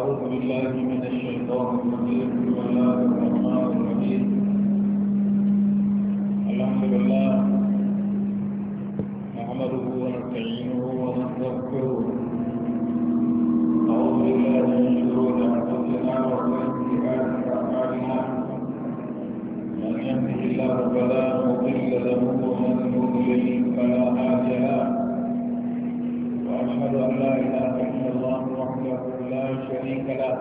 أعوذ بالله من الشيطان الرجيم بسم الله الرحمن الرحيم الحمد لله نحمده ونستعينه ونستغفره أعوذ بالله من شرور أنفسنا وسيئات أعمالنا من يهده الله فلا مضل له ومن يضلل فلا هادي له وأشهد أن لا إله إلا الله وحده لا شريك له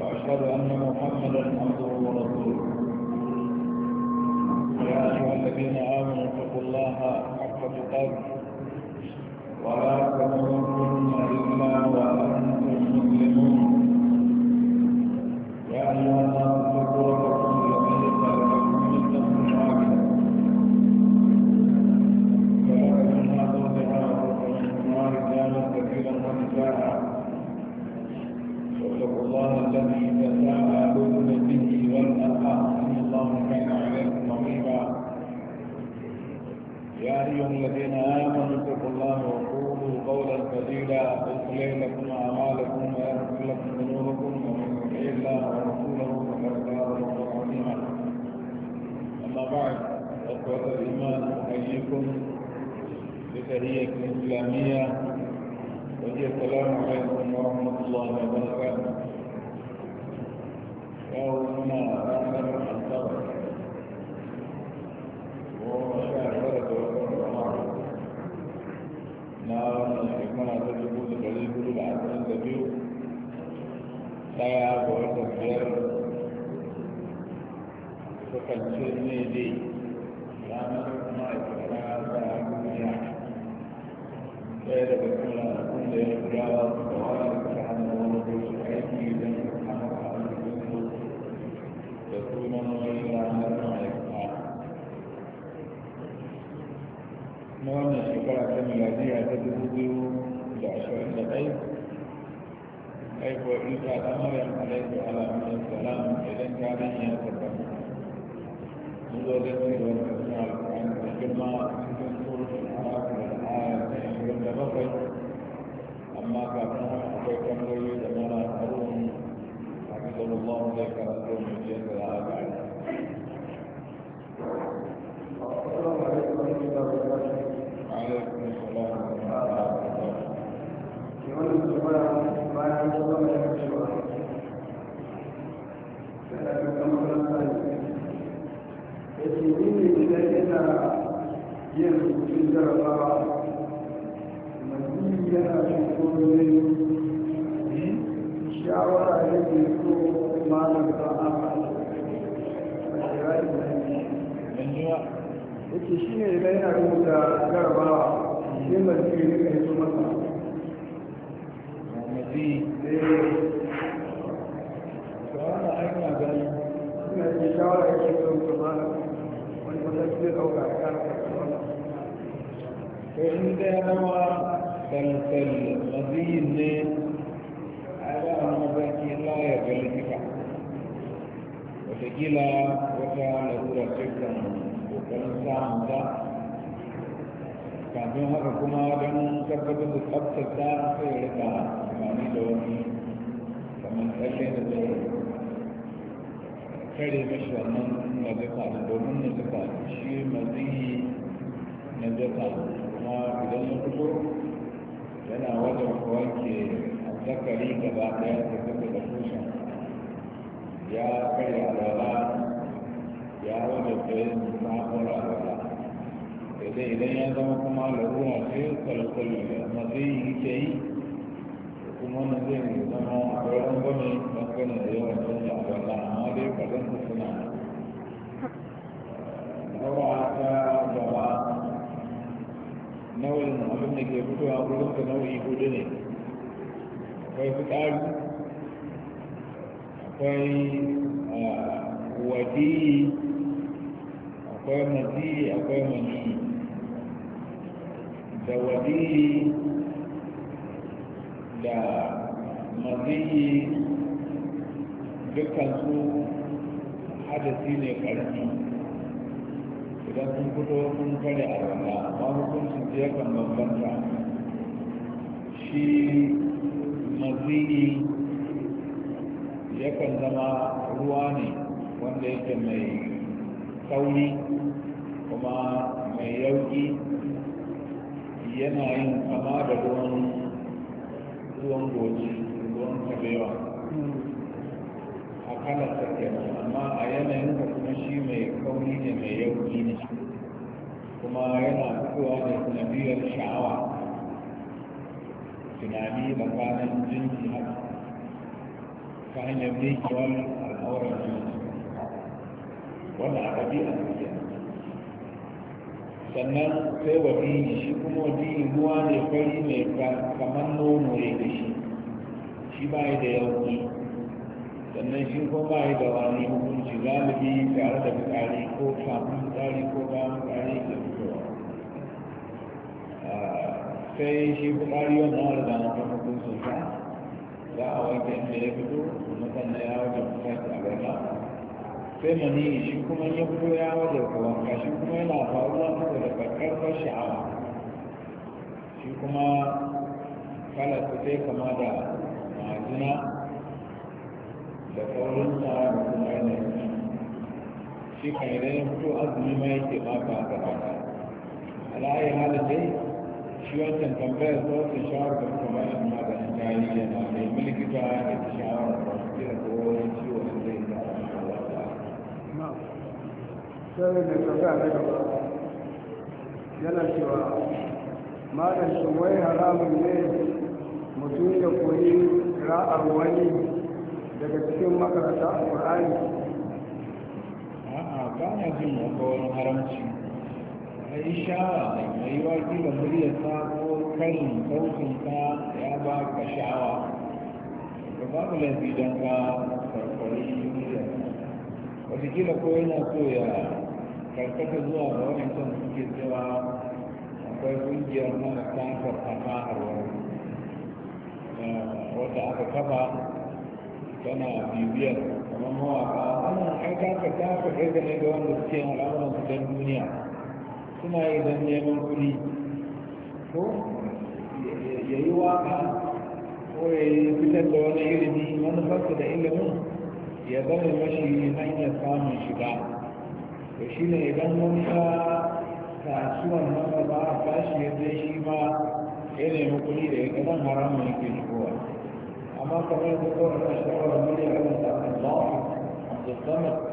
وأشهد أن محمدا عبده ورسوله يا أيها الذين آمنوا اتقوا الله حق تقاته ولا تموتن إلا وأنتم مسلمون يا أيها الناس na wannan shekara ta miladiya ta dubu biyu da ashirin da ɗai haifuwar isa ɗan maryam alaihi alamun salam idan ta hanyar akwai tambayoyi da mana karun a kasar Allah zai karatu mu je da al'ada Assalamu malam ta yake shi ne idan yana rubuta jarabawa sai mazi ne ka hito masa mazi shawara an yi gani suna ce shawara ya ce rubuta malam wani mataki zai ɗauka a kan ko in da ya zama kalkal mazi ne a yi ba a mataki la ya gani kika watakila wata larura cikin kokarin samun ta kafin haka kuma don tabbatar da tsabtar ta sai rika amfani da wani kamar tsalle da zai kare mashi wannan mazuka da domin mazuka shi mazihi na zaka kuma idan ya fito yana wajen wanke azzakari gaba daya da zaka da tushen ya karya alwala ya wanda tsayin sabuwar alwala sai idan ya zama kuma larura ce kwalkwalo da matsayi yake yi kuma na zai zama a ƙarfin gwani dangane da yawan canza alwala amma dai kaɗan su suna rawa ta gaba nau'in abin da ke fitowa wurin ka nau'i hudu ne akwai fitsari akwai wadi akwai mazi akwai mani da wadi da mazi dukansu hadasi ne ƙarfi idan sun fito sun kare a rana amma hukuncin ya kan bambanta shi mazini yakan zama ruwa ne wanda yake mai sauri kuma mai yauki yana yin kama da ruwan ruwan goji ruwan kabewa a kanar kenan amma a yanayin da kuma shi mai kauri ne mai yauki ne kuma yana fitowa da sanadiyar sha'awa tunani tsakanin jinsi haka ta hanyar mekewar al'auran juna wannan a ɗabi'a ne sannan sai wadini shi kuma wadini ruwa ne fari ne kamar nono ne da shi shi ba da yauki sannan shi kuma ba da wani hukunci galibi tare da fitsari ko kafin fitsari ko ba fitsari fitowa ah, sai shi wanda na sa za a wanke inda ya fito kuma sannan ya wajen kuka shi a gaba sai mani shi kuma ya fito ya wajen ka shi kuma yana faruwa saboda karfar sha'awa shi kuma kala su sai kama da majina da kaurinsa da kuma yi shi kan idan ya fito azumi ma yake baka a gaba ala'ayi halin dai shi wancan tambayar ta wata shawar da kuma bayan ma da ta yi yana mai mulki ta da ta shawar da ta kira ko wani ciwo da zai yi da Allah ta. Sai da tambaya ta gaba yana cewa malam shi wai haramun ne mutum ya koyi ra'ar wani daga cikin makarata a Qur'ani. A'a ba na jin wani haramci mai ishara mai waki da muryarsa ko karin sautinsa ya ba ka sha'awa ka babu laifi don ka karkari muryarsa watakila ko yana so ya karkata zuwa ga wadancan suke cewa akwai kungiyar marasa karfafa a wadda aka kafa tana bibiyar kamar mawaka wannan aikata ta faɗe ga ne ga wanda suke al'amuran su don duniya suna yi don neman kuri ko ya yi waka ko ya yi fitar da wani ilimi manufarsa da ilimin ya zama mashi hanyar samun shiga to shi ne idan wani ya kasuwan nan ba a bashi ya zai shi ma ya nemi kuri da ya kasan haramun yake shigowa amma kamar da kawai na shawarar murya irin sa Allah Abdul Samad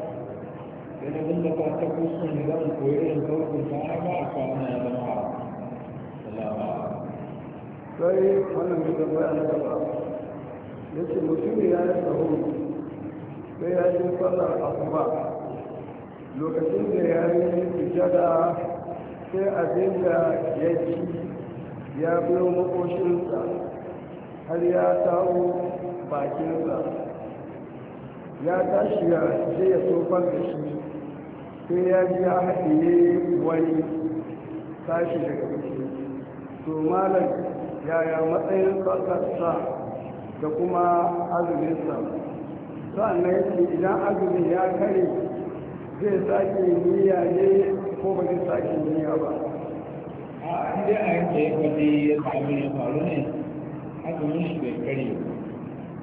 sai na ba ta kusan da zan koyi irin kawai ta ai ba a kwana ya zama haram salama sai wannan mai tambaya na gaba ya ce mutum ya yi sahu sai ya yi a asuba lokacin da ya yi sujada sai abin da ya ci ya biyo makoshinsa har ya tawo bakinsa ya tashi ya je ya tofar da shi sai ya ji ya haɗiye wani sashi daga ciki to malam yaya matsayin tsarkarsa da kuma azuminsa sa'annan yake idan azumin ya kare zai sake niyya ne ko ba zai sake niyya ba a inda a yanke ya kwaje ya sami ya faru ne azumin shi bai kare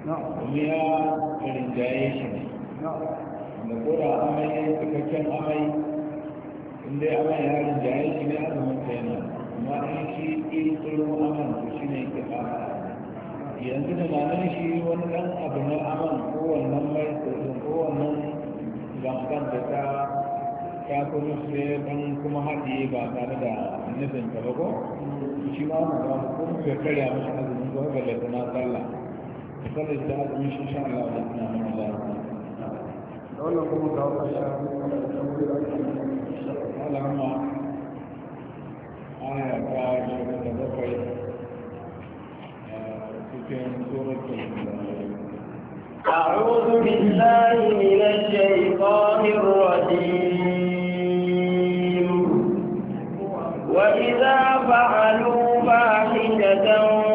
ba kuma ya jaye shi ne da koda amai ya yi cikakken amai inda ya amai ya rinjaye shi ne azumin ta yana amma in shi iri tsoron aman to shi ne ke fara yanzu da nan shi wani ɗan abu na aman kowannan mai tsoron kowannan gangan da ta ta kuma sai ɗan kuma haɗiye ba tare da nufin ta ba ko shi ma mu ba mu kuma ya karya mashi azumin ko ga lalata na sallah sallah ta azumin shi sha Allah da suna mana lafiya ولكم الله سبحانه وتعالى أنا قاعد متدفعي تكون سورة أعوذ بالله من الشيطان الرجيم وإذا فعلوا فاحشة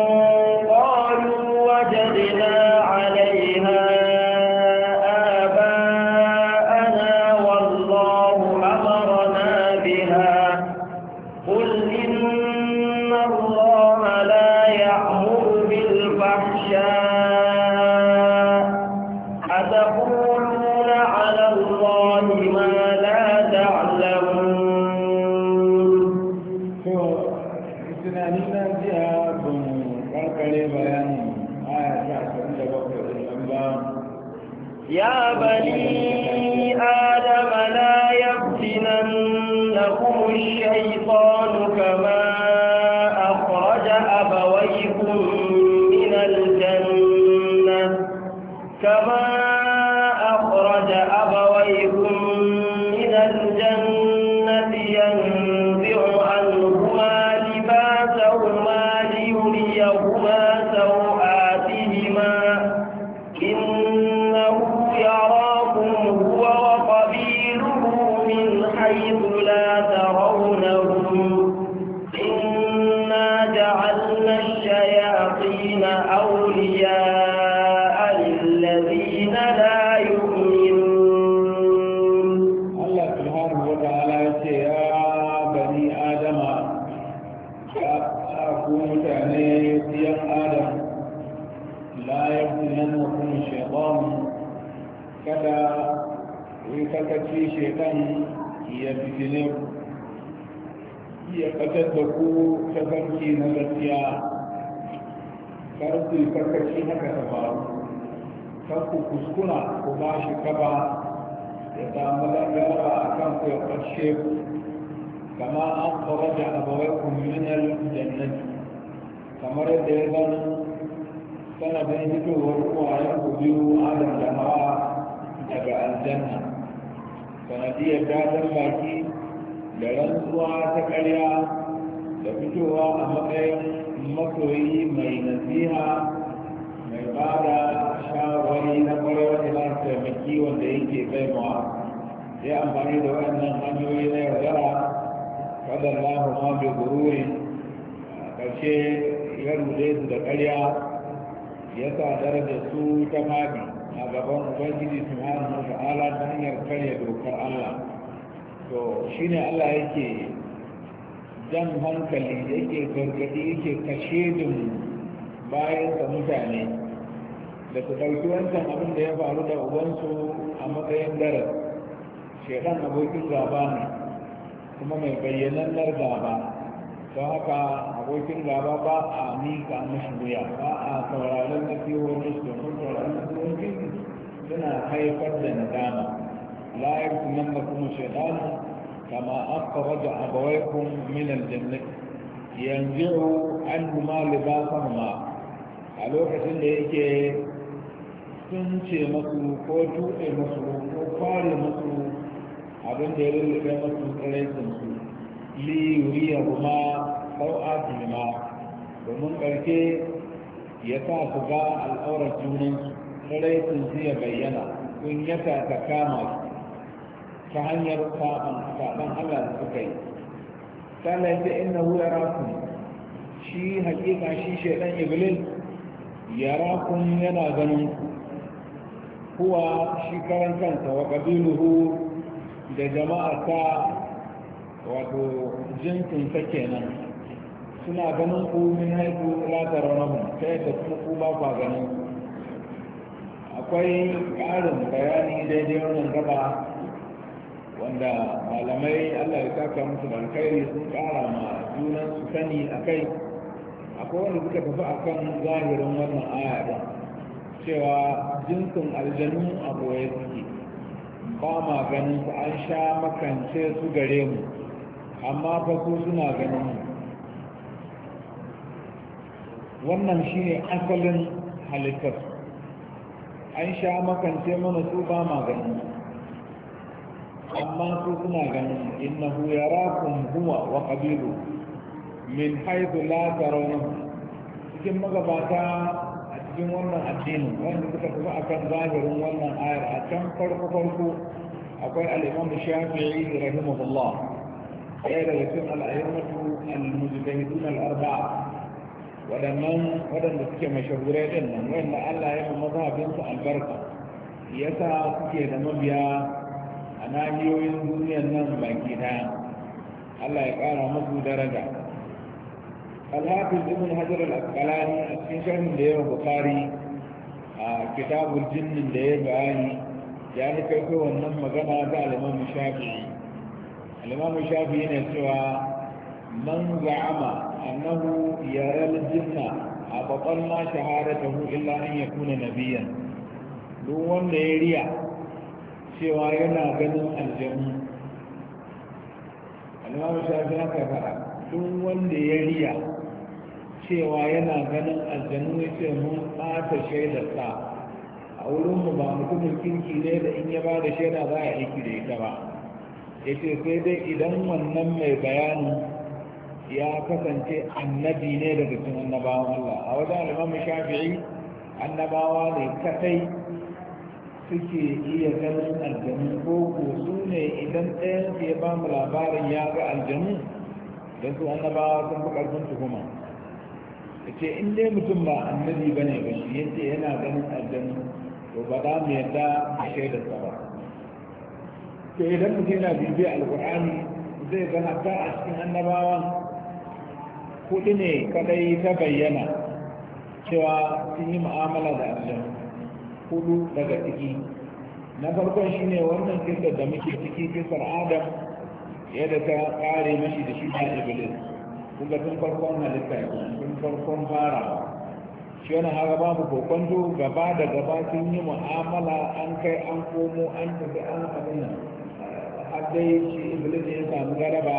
rantsuwa ta ƙarya da fitowa a matsayin masoyi mai nasiha mai ba da shawari na ƙwarewa da taimaki wanda yake taimawa sai amfani da wannan hanyoyi na yaudara waɗanda ma bi gururin ƙarshe ya rude su da karya, ya sa daraja su ta mabi a gaban ubangiji su wa ta'ala ta hanyar karya dokar Allah to shine Allah yake jan hankali yake gargadi yake kashe din bayan mutane da su ɗauki wancan abin da ya faru da ubansu a matsayin darar shekan abokin gaba ne kuma mai bayyanannar gaba don haka abokin gaba ba a mika mashi wuya ba a sauraron nasihohin su domin sauraron nasihohin suna haifar da nadama لا يرثمنكم الشيطان كما أخرج أبويكم من الجنة ينزع عنهما لباسهما a lokacin da yake sun ce masu ko tuɗe masu ko kware masu abin da ya lullube masu tsiraitinsu liyuriya kuma sau'atu ma domin ƙarfe ya sa su ga al'aurar junansu tsiraitinsu ya bayyana kun yasa ta kama ta hanyar saban saban Allah da suka yi sallah ta ina wuya yarakum shi hakika shi shaidan iblis yarakum yana ganin Kuwa shi karan wa ƙabiluhu da jama'a ta wato jinsin ta kenan suna ganin ku min haiku latar rahun ta yadda kuma ku ba kwa ganin akwai ƙarin bayani daidai wannan gaba wanda malamai allah ya saka musu da alkhairi sun kara ma junan su sani a kai akwai wanda suka tafi a kan zahirin wannan aya cewa jinsin aljanu a boye suke ba ma ganin su an sha makance su gare mu amma fa su suna ganin mu wannan shine asalin halittar an sha makance mana su ba ma ganin mu amma su suna ganin innahu yarakum huwa wa qabilu min haythu la tarawna cikin magabata a cikin wannan addinin wanda suka tafi akan zahirin wannan ayar a can farko farko akwai al-imam shafi'i rahimahullah ɗaya daga cikin al-mujtahidun al-arba'a waɗannan waɗanda suke mashahurai ɗin nan wanda Allah ya mazhabinsu albarka yasa suke da mabiya nahiyoyin duniyar nan baki daya Allah ya kara musu daraja Al-Hafiz Ibn Hajar Al-Asqalani a cikin sharhin da yawa Bukhari a kitabul jinnin da ya bayani ya ni kai wannan magana ga Limamin imam Shafi'i imam Shafi'i ne cewa man za'ama annahu yara al-jinna a babban ma shahadatahu illa an yakuna nabiyan duk wanda ya riya cewa yana ganin aljanu al'amma shafi haka fara tun wanda ya riya cewa yana ganin aljanu ya ce mun ɓata shaidarsa a wurinmu ba mutumin kirki ne da in ya ba da shaida za a aiki da ita ba ya ce sai dai idan wannan mai bayani ya kasance annabi ne daga cikin annabawan Allah a wajen al'amma shafi'i annabawa ne kadai suke iya ganin aljanu ko ko su ne idan ɗayan ya ba mu labarin ya ga aljanu don su annabawa sun fi ƙarfin tuhuma ya ce in dai mutum ba annabi ba ne ba shi ya yana ganin aljanu to ba za mu yadda a shaidar sa ba to idan mutum yana bibiya alƙur'ani zai ga hatta a cikin annabawa kuɗi ne kaɗai ta bayyana cewa sun yi mu'amala da aljanu hudu daga ciki na farkon shi ne wannan kisar da muke ciki kisar adam yadda ta kare mashi da shi a iblis kuma tun farkon halitta tun farkon fara shi wani haka babu kokonto gaba da gaba sun yi mu'amala an kai an komo an tafi an abin har dai shi iblis ya samu garaba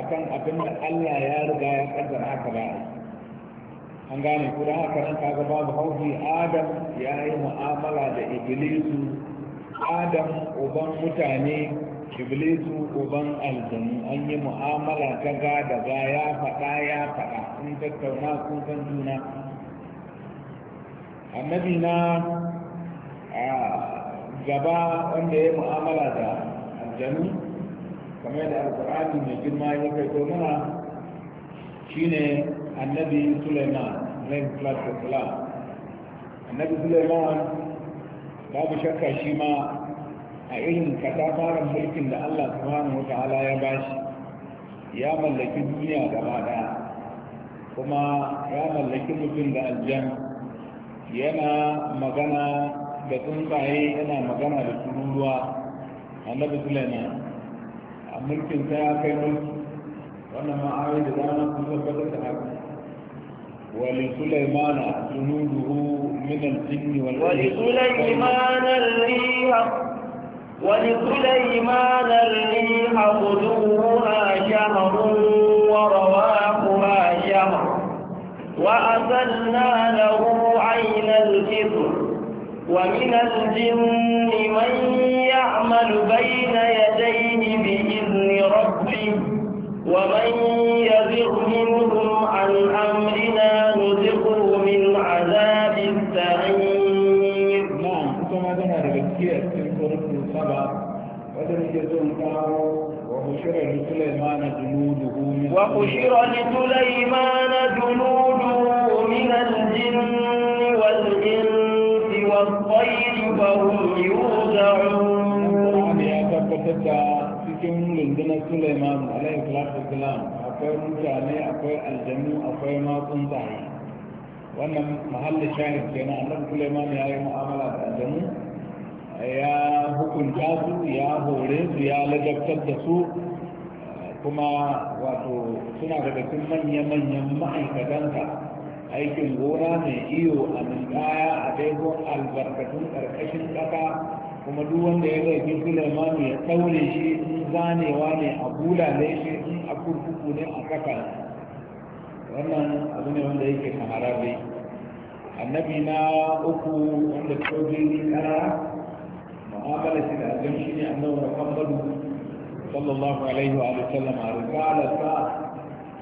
akan abin da allah ya riga ya kaddara haka ba an gane ku da haka ka kaga babu haufi adam ya yi mu'amala da iblisu adam uban mutane iblisu uban aljanu an yi mu'amala ta ga da ga ya faɗa ya faɗa in tattauna sun san juna annabi na gaba wanda ya yi mu'amala da aljanu kamar da alƙur'ani mai girma ya kai to muna shine annabi suleiman zai plato salam annabi suleiman babu shakka shi ma a irin katafaren mulkin da allah subhanahu wa ta'ala ya bashi ya mallaki duniya gaba daya kuma ya mallaki mutum da aljan yana magana da tsuntsaye yana magana da tururuwa annabi sulaiman a mulkin ta ya kai mulki wannan ma'awai da zama sun tabbatar da haka ولسليمان جنوده من الجن ولسليمان الريح ولسليمان الريح غدوها شهر ورواحها شهر وأسلنا له عين الإبر ومن الجن من يعمل بين يديه بإذن ربه ومن يزغ منهم عن أمرنا نزغه من عذاب السعير نعم كما لسليمان جنوده من وحشر لسليمان جنوده من الجن والإنس والطير فهم cikin rundunar suleiman alayhi salatu wasalam akwai mutane akwai aljanu akwai matsun zaye wannan mahallin shahid na annabi suleiman ya yi mu'amala da aljanu ya hukunta su ya hore su ya lajabtar da su kuma wato suna daga cikin manya-manyan ma'aikatanka aikin gona mai iyo a ninkaya a daidon albarkatun ƙarƙashin ƙasa kuma duk wanda ya zargi Sulaiman ya daure shi in zanewa ne a ne shi a kurkuku ne a saka wannan abu ne wanda yake shahararre annabi na uku wanda sojoji kara ma'amala shi da azan shi ne annabi kambalu sallallahu alaihi wa sallam a risalarsa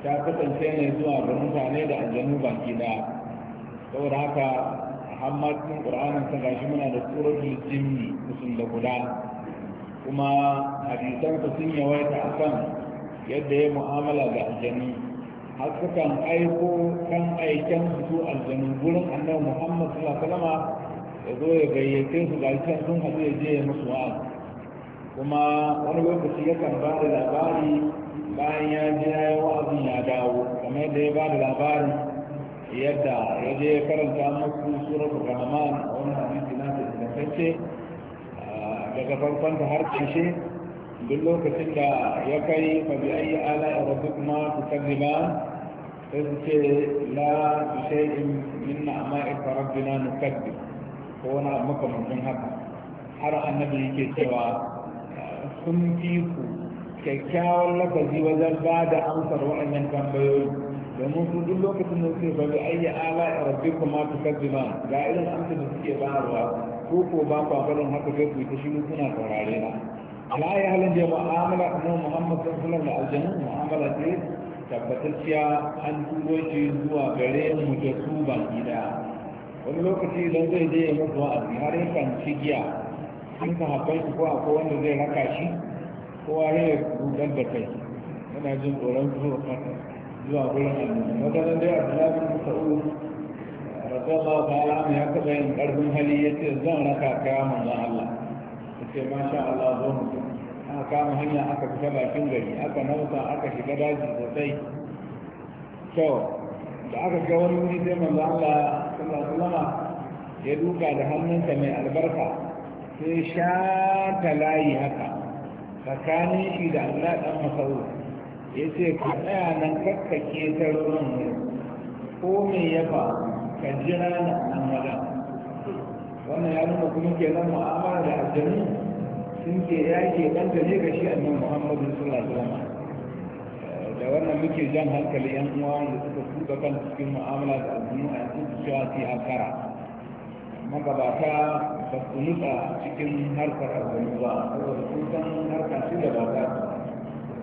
ta kasance ne zuwa ga mutane da aljanu baki da saboda haka amma cikin ƙur'anin ta gashi muna da tsoron jinni musun da guda kuma hadisan sun yawaita kan yadda ya mu'amala ga aljanu har kan aiko kan aiken su aljanu gurin annabi muhammad sallallahu alaihi ya zo ya gayyace su ga shi sun haɗu ya je ya musu wa. kuma wani lokaci yakan ba da labari bayan ya ji ya yi wa'azin ya dawo kamar yadda ya ba da labarin yadda ya je karanta musu surar rahman a wani hadisi na ta tantance ah, daga farkon ta har ƙarshe duk lokacin da ya kai fa bi ayi ala rabbikuma tukadiban sai su ce la bi shay'in min na'ma'i rabbina nukadib ko wani abu makamancin haka har annabi yake cewa sun fi ku kyakkyawan lafazi wajen ba da amsar waɗannan tambayoyi domin su duk lokacin da suke bari ayya ala a rabbi kuma su ba ga irin amsa da suke bayarwa ko ko ba ku farin haka sai ku yi ta shi kuna saurare na ala ya halin da mu'amala kuma muhammad sun alaihi da aljanu mu'amala ce tabbatacciya an turo shi zuwa gare mu da su ba gida wani lokaci idan zai je ya mutu a har yakan ci giya sun ka haɓar ko akwai wanda zai raka shi ko a ya rudar da kai yana jin tsoron zuwa fata zuwa gurin annabi wata dai abdullahi bin mas'ud radiyallahu ta'ala anhu ya kafa yin karfin hali yace zan raka ka manzon Allah yace masha Allah zo mu aka kama hanya aka fita bakin gari aka nausa aka shiga daji sosai to da aka ga wani wuri sai manzon Allah sallallahu alaihi wasallam ya duka da hannunsa mai albarka sai sha ta layi haka tsakanin shi da Allah dan Mas'ud ya ce ka tsaya nan ta ruwan ne ko mai yaba ka jira na nan wajen wannan ya nuna kuma ke nan mu'amala da aljanu sun ke ya ke ɗan ne ga shi annan muhammadu sallallahu alaihi wasallam eh, da wannan muke jan hankali yan uwa da suka tuka kan cikin mu'amala da aljanu a yanzu su cewa su yi hankara magabata ba su nutsa cikin harkar aljanu ba saboda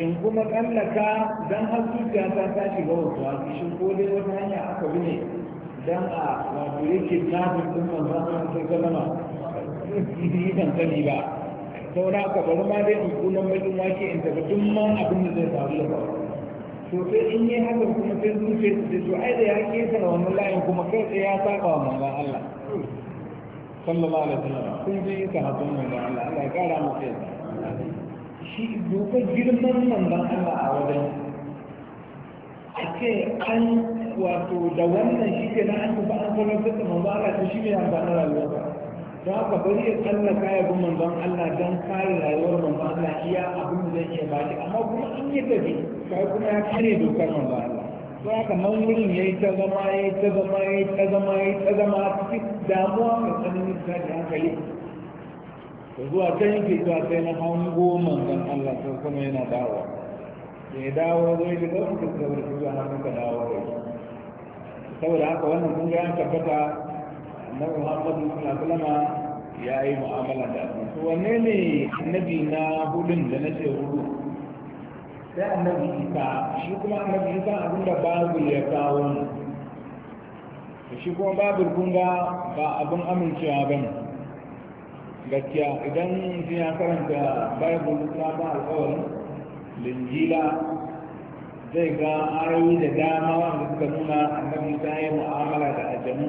in kuma tsallaka don har zuciya ta ta shiga wasu a cikin ko dai wata hanya aka bi ne don a wato yake tafi sun manzo an sai zama yi ban sani ba saura ka bari ma dai in kunan bakin wake in tafi duk ma abin da zai faru da faru to sai in yi haka kuma sai zuciya su to ai da ya kesa na wannan layin kuma kai tsaye ya saka wa manzon Allah sallallahu alaihi wasallam kun ji ka hatun manzon Allah Allah ya kara masa yadda shi duka girman manzon Allah a wajen a ce an wato da wannan shi ke na an tafi an sanar da manzon Allah ta shi ne amfanin rayuwa don haka bari ya tsallaka ya bi manzon Allah don kare rayuwar manzon Allah iya abin da zai iya baki amma kuma in yi gaji kai kuma ya kare dokar manzon Allah don haka nan wurin ya yi ta zama ya yi ta zama ya yi ta zama ya yi ta zama cikin damuwa mai tsananin da hankali da zuwa can yake zuwa, sai na hango manzon Allah sai kuma yana dawo. da ya dawo zai da ɗaukar da zuwa da zuwa na kuka dawo da shi saboda haka wannan kun ga yan tabbata na Muhammadu sallallahu alaihi ya yi mu'amala da su wanne ne annabi na hudun da na ce hudu sai annabi isa shi kuma annabi isa abinda babu ya kawo shi kuma babu kunga ba abin amincewa ba ne gaskiya idan mutum ya karanta bible na ba alkawarin linjila zai ga ayoyi da dama wanda suka nuna annabi ta yi mu'amala da ajamu,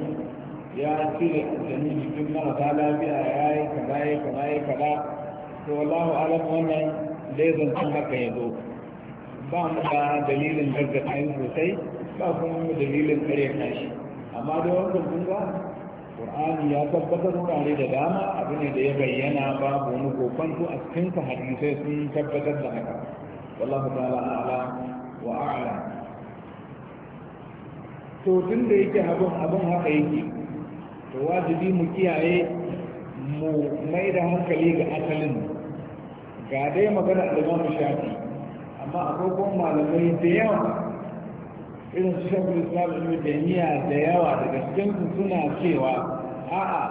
ya cire aljanu jikin marasa lafiya ya yi kaza ya kaza ya kaza to wallahu alam wannan laizan sun haka ya zo ba mu da dalilin gargaɗa sosai ba kuma dalilin kare kashi amma da wannan kun qur'ani ya tabbatar wurare da dama abu ne da ya bayyana babu wani kokonto a cikin ka hadisai sun tabbatar da haka wallahu ta'ala a'la wa a'la to tun da yake abun abun haka yake to wajibi mu kiyaye mu mai da hankali ga asalin ga dai magana da imam Shafi amma akwai kuma malamai da yawa irin su shakul islam ibn jami'a da yawa daga cikin suna cewa a'a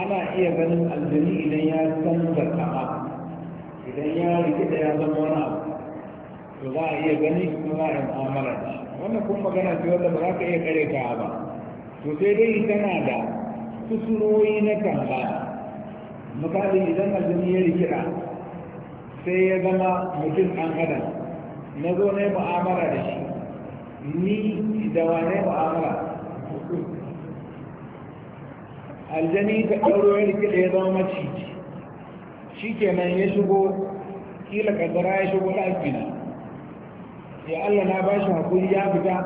ana iya ganin aljani idan ya da kama idan ya rikida ya zama wani abu to za a iya gani kuma za a yi mu'amala da wannan kuma magana ce wanda ba za ka iya kare ka ba to sai dai tana da kusuroyi na tambaya misali idan aljani ya rikida sai ya zama mutum an adam na zo na yi mu'amala da shi ni da wane mu'amala aljani ka ɗauro ya rike da ya zama maciji shi kenan ya shigo kila kaddara ya shigo ɗakina ya Allah na ba shi haƙuri ya fita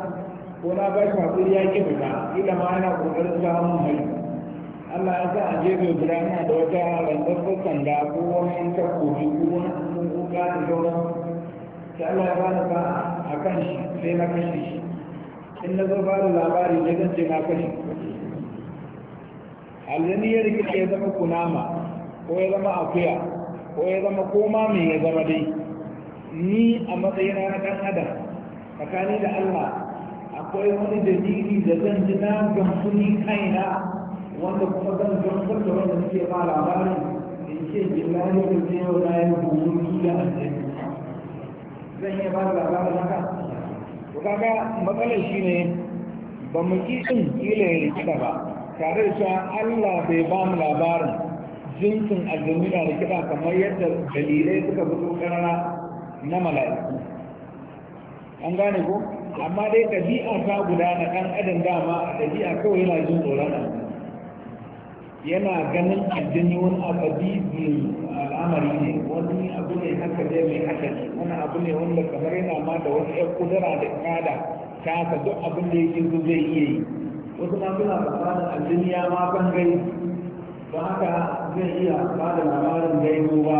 ko na ba shi haƙuri ya ke fita kila ma ana ƙoƙarin samun mai Allah ya sa a jefe guda na da wata rantsar sanda ko wani kofi ko wani kuka da sauransu sai Allah ya bani ba a kan shi sai na kashe shi in na zo ba da labari ne zan ce na kashe aljani ya rikice ya zama kunama ko ya zama akuya ko ya zama koma mai ya zama dai ni a matsayina na kan adam tsakani da Allah akwai wani dalili da zan ji na gamsu ni kaina wanda kuma zan gamsar da wanda suke ba labarin in ce billahi da zai yau na yi hukunci da aljani zan iya ba da labarin haka to kaga matsalar shi ne ba mu ki din kila ya ba tare da cewa Allah bai ba mu labarin jinsin aljanu da rikida kamar yadda dalilai suka fito karara na mala'iku an gane ko amma dai ɗabi'a ta guda na ɗan adam dama ɗabi'a kawai yana jin tsoron yana ganin addini wani abadi al'amari ne wani abu ne haka dai mai ne wani abu ne wanda kamar yana ma da wani ya kudura da kada ta haka duk abin da yake zo zai iya yi wasu ma suna tsammanin addini ya ma ban gai Ba haka zai iya ba da labarin gaibo ba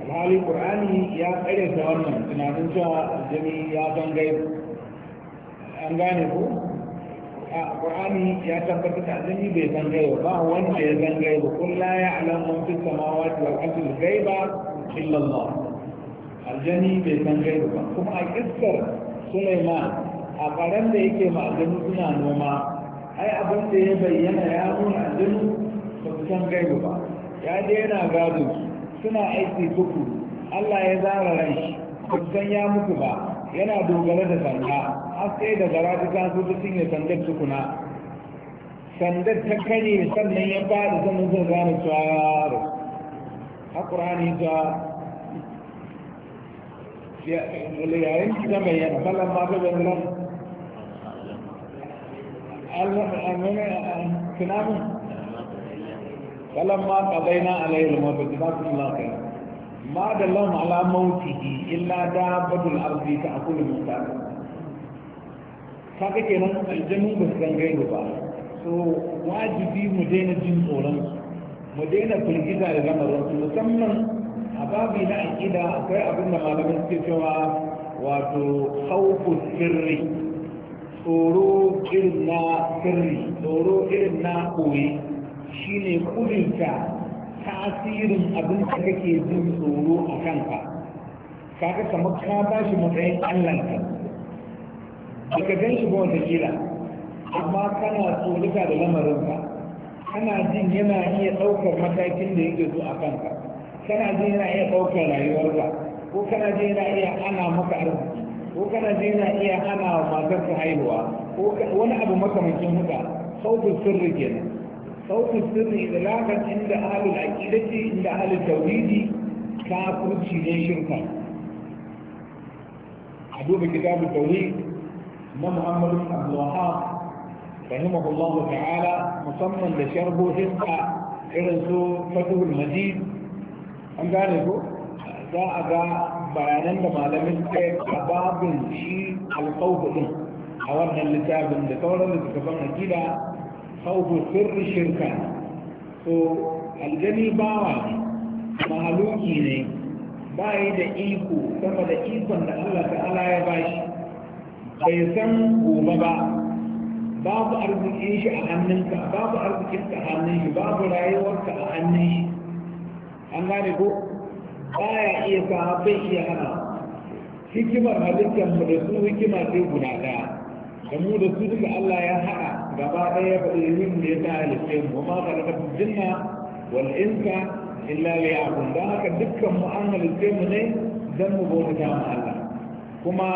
alhali qur'ani ya tsare ta wannan tunanin cewa addini ya ban gai an gane ko a ƙur'ani ya tabbatar da azumi bai san gaiba ba wanda ya san gaiba kun la ya alamu fi samawati wal ardi gaiba illa Allah aljani bai san gaiba ba kuma a kissar Sulaiman a ƙaran da yake ma aljanu suna noma ai abin da ya bayyana ya nuna aljanu ba su san gaiba ba ya je yana gado suna aiki tukuru Allah ya zara rai. shi ba san ya mutu ba yana dogara da sanda har sai da gara ta taso ta cinye sandar tukuna sandar ta kare sannan ya ba da sannan zai gane cewa yaro a ƙurani ta yayin ta ma ta ma Ba da lam ala mautihi illa da badul arzi ta akulu mutaka kaga kenan aljanu ba su gangai gaibu ba so wajibi mu daina jin tsoron mu daina firgita da lamarin su musamman a babi na aƙida akwai abin da malamin suke cewa wato khawfu sirri tsoro irin na sirri tsoro irin na koyi shine kulinta tasirin abin da kake jin tsoro a kanka kaga kamar ka ba shi matsayin allanka baka gan shi ba wata kila amma kana tsorika da lamarinka kana jin yana iya ɗaukar matakin da yake zo a kanka kana jin yana iya ɗaukar rayuwarka ko kana jin yana iya ana maka arziki ko kana jin yana iya ana matarka haihuwa ko wani abu makamakin haka sautin sirri kenan صوت السر إطلاقا عند أهل العقيدة عند أهل التوحيد كافر شيء شركا أدوب كتاب التوحيد محمد بن عبد الوهاب رحمه الله تعالى مصمم لشربه حزقة إرسو فتح المجيد أن ذلك za a ga bayanan da malamin kai a babin shi alƙawfudin a wannan littafin da sauran da khawfu sirri shirka to aljani bawa mahaluki ne ba yi da iko sama da ikon da Allah ta'ala ya bashi bai san gobe ba babu arzikin shi a hannunka babu arzikin ka a hannun shi babu rayuwarka a hannun shi an gane ko baya iya sa bai iya hana hikimar halittar mu da su hikima sai guda daya kamu mu da su duka Allah ya haɗa gaba ɗaya ya faɗi yin da ya sa halittar mu ma ka daga jinna wal insa illa li ya'budun dan haka dukkan mu an mu ne dan mu bauta ma Allah kuma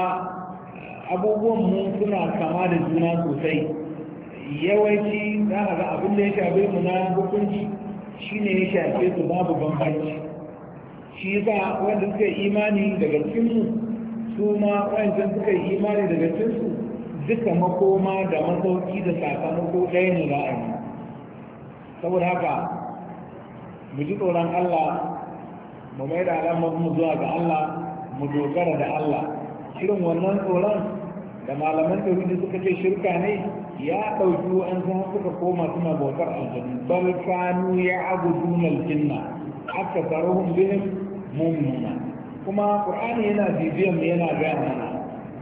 abubuwan mu suna kama da juna sosai yawanci za a ga abin da ya shafe mu na hukunci shine ya shafe su babu bambanci shi yasa wanda suka yi imani daga cikin mu su ma wa'ancan suka yi imani daga cikin su duka makoma da masauki da sakamako ɗaya ne za a saboda haka mu ji tsoron Allah mu mai da alamar mu zuwa ga Allah mu dogara da Allah irin wannan tsoron da malaman tauhidi suka ce shirka ne ya ɗauki wa'ansu suka koma suna bautar aljanu bal kanu ya abuduna aljinna aka tsarohun bihim mummuna kuma qur'ani yana bibiyan yana gaya mana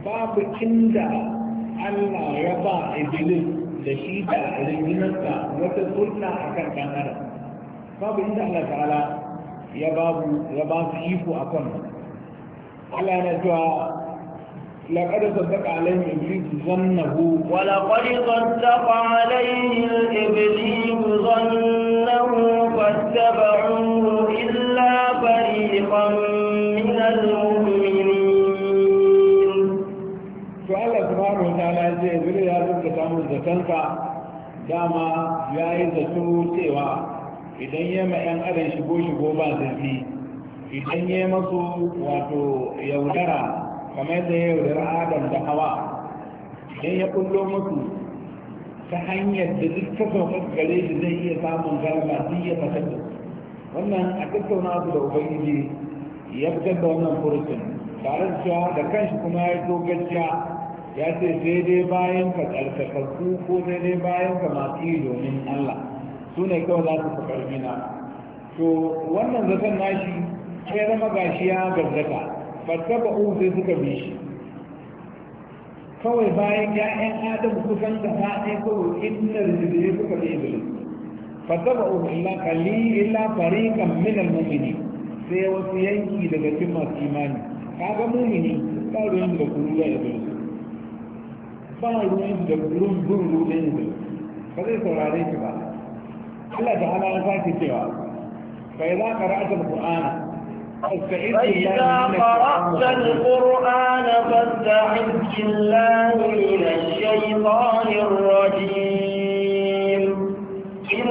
babu inda Allah ya ba Iblis da shi da rinjinarsa wata sunna a kan ɗan babu inda Allah ta'ala ya ba su iko a kan Allah na cewa لقد صدق عليه إبليس ظنه ولقد صدق عليه الإبليس ظنه فاتبعوه إلا فريقا من المؤمنين ta'ala ce zuri ya zuka samun zakanka dama ya yi zato cewa idan ya ma yan shigo shigo ba zafi idan ya masu wato yaudara kamar yadda ya yaudara adam da hawa idan ya kullo masu ta hanyar da duk ta saukar gare shi zai iya samun garba zai ya fatar da wannan a tattauna su da ubangiji ya fitar da wannan furucin tare da cewa da kanshi kuma ya zo gajiya ya ce sai dai bayan ka karkakakku ko sai dai bayan ka masu domin Allah su ne kawai za su fi na to wannan zaton nashi sai zama gashi ya gazzata ba uku sai suka bi shi kawai bayan ya'yan adam kusan ta haɗe kawai inna jirgin suka bi iblis ba uku illa kalli illa kan minal mumini sai wasu yanki daga cikin masu imani kaga mumini ta ruwan da kuruwa iblis ba ruwan da ruwan gururu ne ne ba zai saurare ki ba Allah ta hana ya sake cewa fa idza qara'ta al-qur'ana فإذا قرأت القرآن فاستعذ بالله من الشيطان الرجيم إن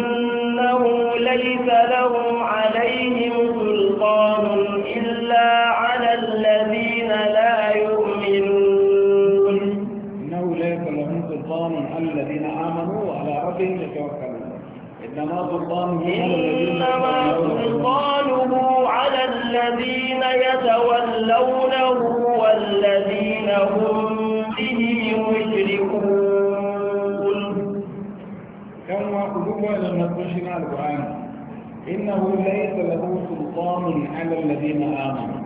إنما سلطانه على الذين يتولونه والذين هم به مشركون كما قلوبنا لما تشرع القرآن إنه ليس له سلطان على الذين آمنوا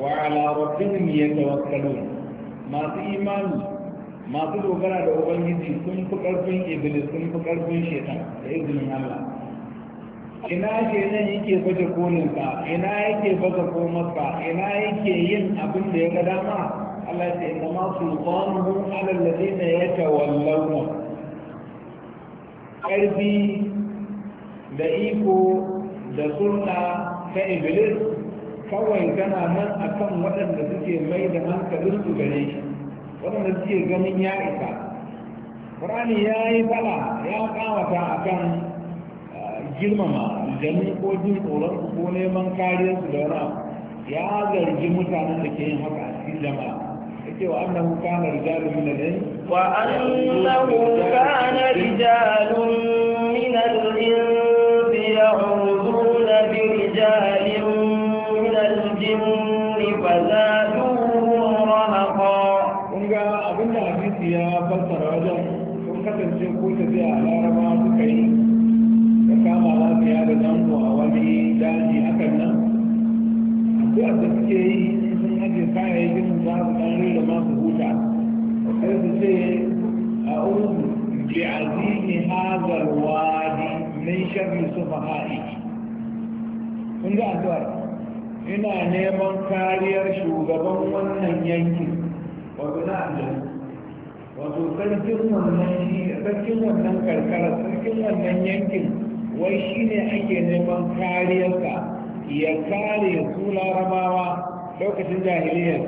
وعلى ربهم يتوكلون ما في إيمان masu dogara da ubangiji sun fi ƙarfin iblis sun fi ƙarfin shetan da izinin allah ina shetan yake baje kolinsa ina yake baza komarsa ina yake yin abin da ya ga dama allah ce inda ma sultanuhu ala alladhina yatawallawna ƙarfi da iko da sulɗa ta iblis kawai tana nan akan waɗanda suke mai da hankalinsu gare shi waɗanda suke ganin ya isa ƙurani ya yi fada ya kawata a kan girmama aljanu ko jin tsoron ko neman su da wani abu ya zargi mutanen da ke yin haka a cikin jama'a yake wa annahu kana rijalun min al-ins wa annahu kana rijalun min al-ins ya'uduna bi rijalin fassara wajen sun kasance ko zai a laraba suka yi da kama za su da zango a wani daji hakan nan addu'ar da suke yi sun ajiye kayayyakin su za su dan rila masu huta sai su ce a ohun bi azimi hazar wadi min sharri sufaha'i sun ga addu'ar ina neman kariyar shugaban wannan yankin wato na aljanna wato sarkin wannan sarkin wannan karkara sarkin wannan yankin wai shi ne ake neman kariyarsa ya kare su larabawa lokacin jahiliyar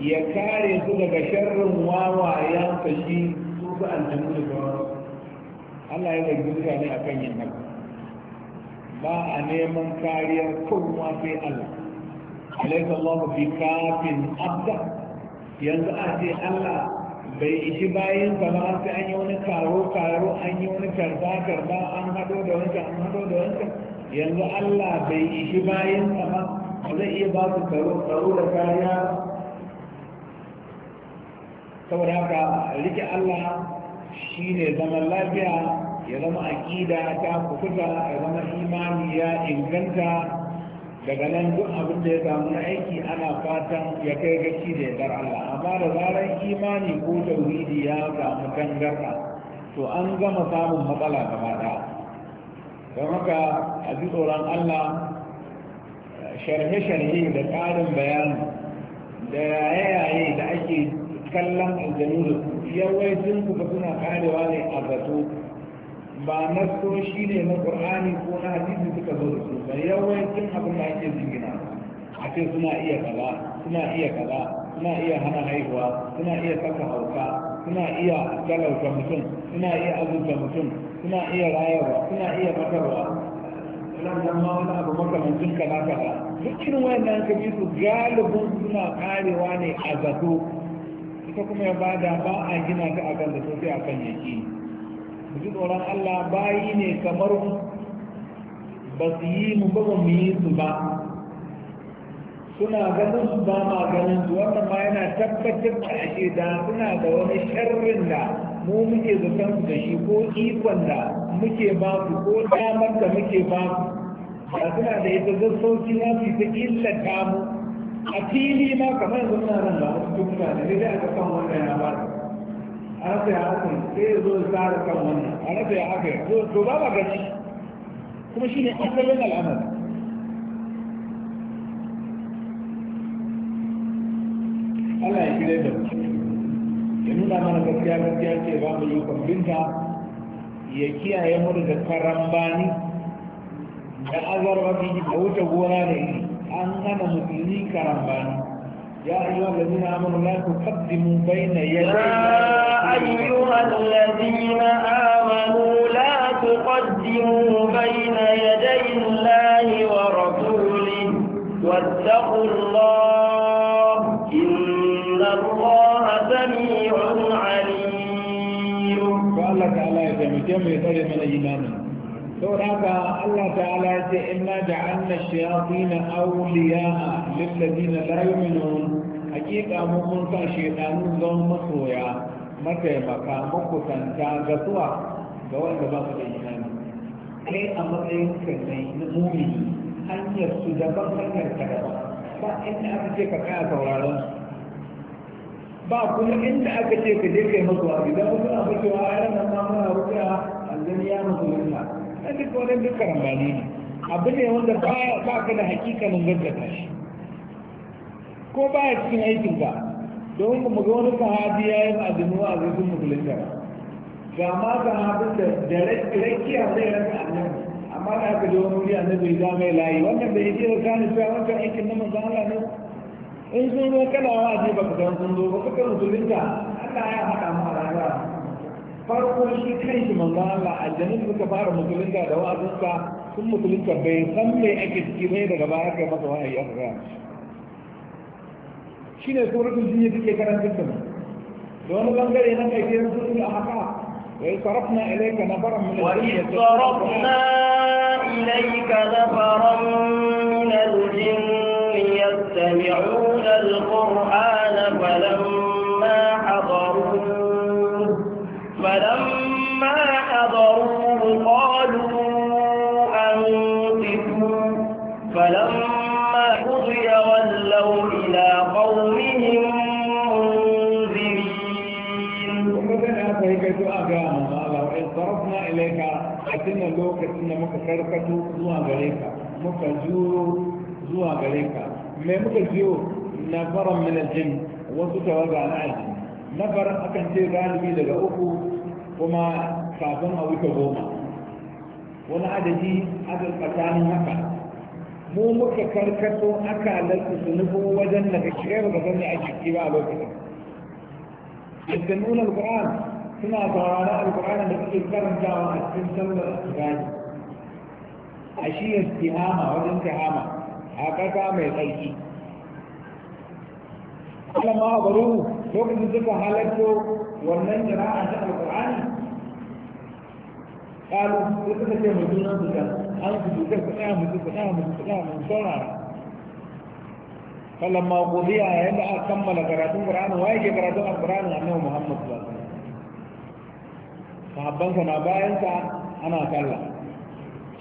ya kare su daga sharrin wawayen fashi su su aljanu da sauran Allah ya zargi mutane a kan yin ba a neman kariyar kowa sai Allah alaika Allah fi kafin abda yanzu a ce Allah bai ishi bayan sama sai an yi wani karo karo an yi wani karba karba an hado da wanka, an hado da wanka. yanzu Allah bai ishi bayan ba zai iya ba su karo karo da kariya saboda haka rike Allah shi ne zaman lafiya ya zama aƙida ta kufuta ya zama imani ya inganta daga nan duk abin da ya samu na aiki ana fatan ya kai gaci da dar Allah amma da zarar imani ko tauhidi ya samu tangarda to an gama samun matsala gaba ɗaya don haka a ji tsoron Allah sharhe-sharhe da ƙarin bayani da yayaye da ake kallon aljanu da su yawancin ku suna karewa ne a zato ba na so shi ne na ƙur'ani ko na hadisi suka zo da su ba yawancin abin da ake zingina. a ce suna iya kaza suna iya kaza suna iya hana haihuwa suna iya saka hauka suna iya galauta mutum suna iya azurta mutum suna iya rayarwa suna iya fatarwa sannan ma wani abu makamancin kaza kaza duk irin wayannan bi su galibin suna karewa ne a zato ita kuma ya bada ba a gina ta akan da sosai akan yaki ku tsoron Allah bayi ne kamar mu ba su yi mu ba mu yi su ba suna ganin su ba ma ganin su wanda ma yana tabbatar da ashe da suna da wani sharrin da mu muke zaton su da shi ko ikon da muke ba su ko damar da muke ba su da suna da ita sauki na su ta illata mu a fili ma kamar yanzu muna nan ba su cikin ne dai aka kan wannan ya ba su a rasa ya haka sai ya zo ya tsara kan wannan a rasa ya haka to ba ba gani kuma shi shine asalin al'amari Allah ya kire da mu ya nuna mana gaskiya gaskiya ce ba mu yi kwambinta ya kiyaye mu daga karambani da azarwa da wuce gona ne an hana musulmi karambani يا أيها الذين آمنوا لا تقدموا بين يدي يا أيها الذين آمنوا لا تقدموا بين يدي الله ورسوله واتقوا الله إن الله سميع عليم قال لك على يتمتم يتري من إيمانه saboda Allah ta'ala ya ce inna ja'alna shayatin awliya lil ladina la yu'minun hakika mu mun sa shaytanu zan masoya mataimaka makusanta ga suwa ga wanda ba su da imani kai a matsayin kai na mumi hanyar su daban hanyar ka daban ba inda aka ce ka kaya sauraron ba kuma inda aka ce ka je kai masu wa idan mutum a fitowa a yanar na muna rukiya aljani ya musulunta a duk wani duk karambani ne abu ne wanda ba ka da hakikanin gaggata shi ko ba ya cikin aikin ka don mu ga wani sahabi ya yi azumi wa azumin musulunta ga ma sahabin da da rakiya zai rasa annabi amma da aka ji wani wuri annabi ya mai layi wannan bai je da kani sai wancan aikin na manzon Allah ne in sun zo kana wa ji baka san sun zo ba suka musulunta Allah ya haɗa mu a rayuwa farko shi kan shi manzo Allah aljanna suka fara musulunta da wa'azinsa sun musulunta bai san me ake ciki bai daga baya kai masa wahayi aka gaya shi ne suratul jinni take karanta da mu da wani bangare na kai kiran suratul ahqa wa yusarafna ilayka nafaran min al-jinn wa yusarafna ilayka nafaran min al-jinn yastami'una al-qur'ana falamma فلما حضروه قالوا أنقفوا فلما قضي ولوا إلى قومهم صرفنا إليك أتنا لوك أتنا مكفركة زوا غريكا مكجور زوا غريكا ما مكجور نفرا من الجن وسط وضع العجل نفر أكن تي غالبي لغا أخو kuma kafin a wuce goma wani adadi adal tsakanin haka mu muka karkato akalar su nufo wajen da kake ba ka a jiki ba a lokacin yadda nuna alkur'an suna sauraron alkur'an da suke karantawa a cikin sallar gani a shi ya tihama wajen tihama a ƙasa mai tsarki kuma ma a lokacin suka halatto wannan jira'a ta alƙur'ani ƙalu sai suka ce mai junan su can an su dukkan su ɗaya mutu su ɗaya mutu su ɗaya mutu saurara kallon ma godiya yayin da aka kammala karatun ƙur'ani wa yake karatun alƙur'ani annabi muhammad sallallahu alaihi wasallam sahabbansa na bayansa ana sallah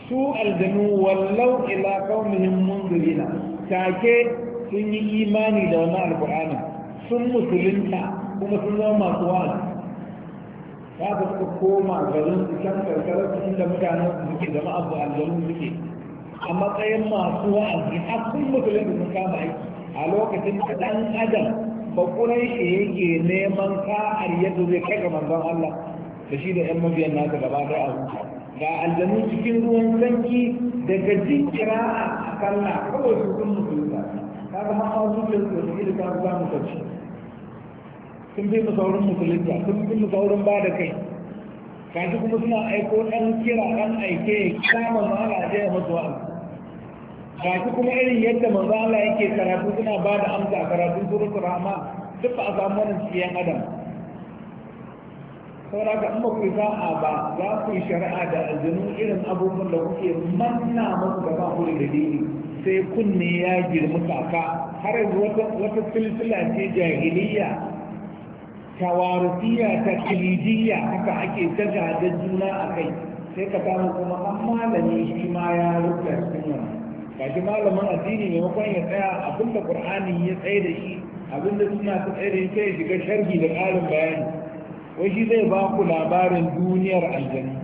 su aljanu wallau ila qaumihim munzirina take sun yi imani da wannan alƙur'ani sun musulunta kuma sun zama masu wa'azi ya ga suka koma garin su can karkarar su inda mutanen su suke zama abu aljanu suke a matsayin masu wa'azi a sun musulun sun kama aiki a lokacin da dan adam bakurai shi yake neman ka'ar yadda zai kai ga manzon Allah da shi da yan mabiyan nasa gaba da a wuta ga aljanu cikin ruwan sanki daga jinkira a sallah kawai su sun musulunta kaga har ma zuciyar su da su ilika za mu tafi sun fi mus'aurin musulunta sun fi sauran ba da kai kaji kuma suna aiko ɗan kira ɗan aike kama mala a jaya masu wa'azi kaji kuma irin yadda mazala yake karatu suna ba da amsa a karatun suratul rahma duk a samu wani cikin adam saboda ka Amma ba ku sa'a ba za ku yi shari'a da aljanu irin abubuwan da kuke manna masu da ba da dini sai kunne ya girma kaka har yanzu wata silsila ce jahiliya tawarufiya taqlidiyya haka ake ta da juna a kai sai ka samu kuma an malami shi ma ya rubuta cikin kaji malamin addini maimakon ya tsaya abinda qur'ani ya tsaye da shi abinda suna ta tsaye da shi sai ya shiga sharhi da ƙarin bayani wai shi zai ba ku labarin duniyar aljanu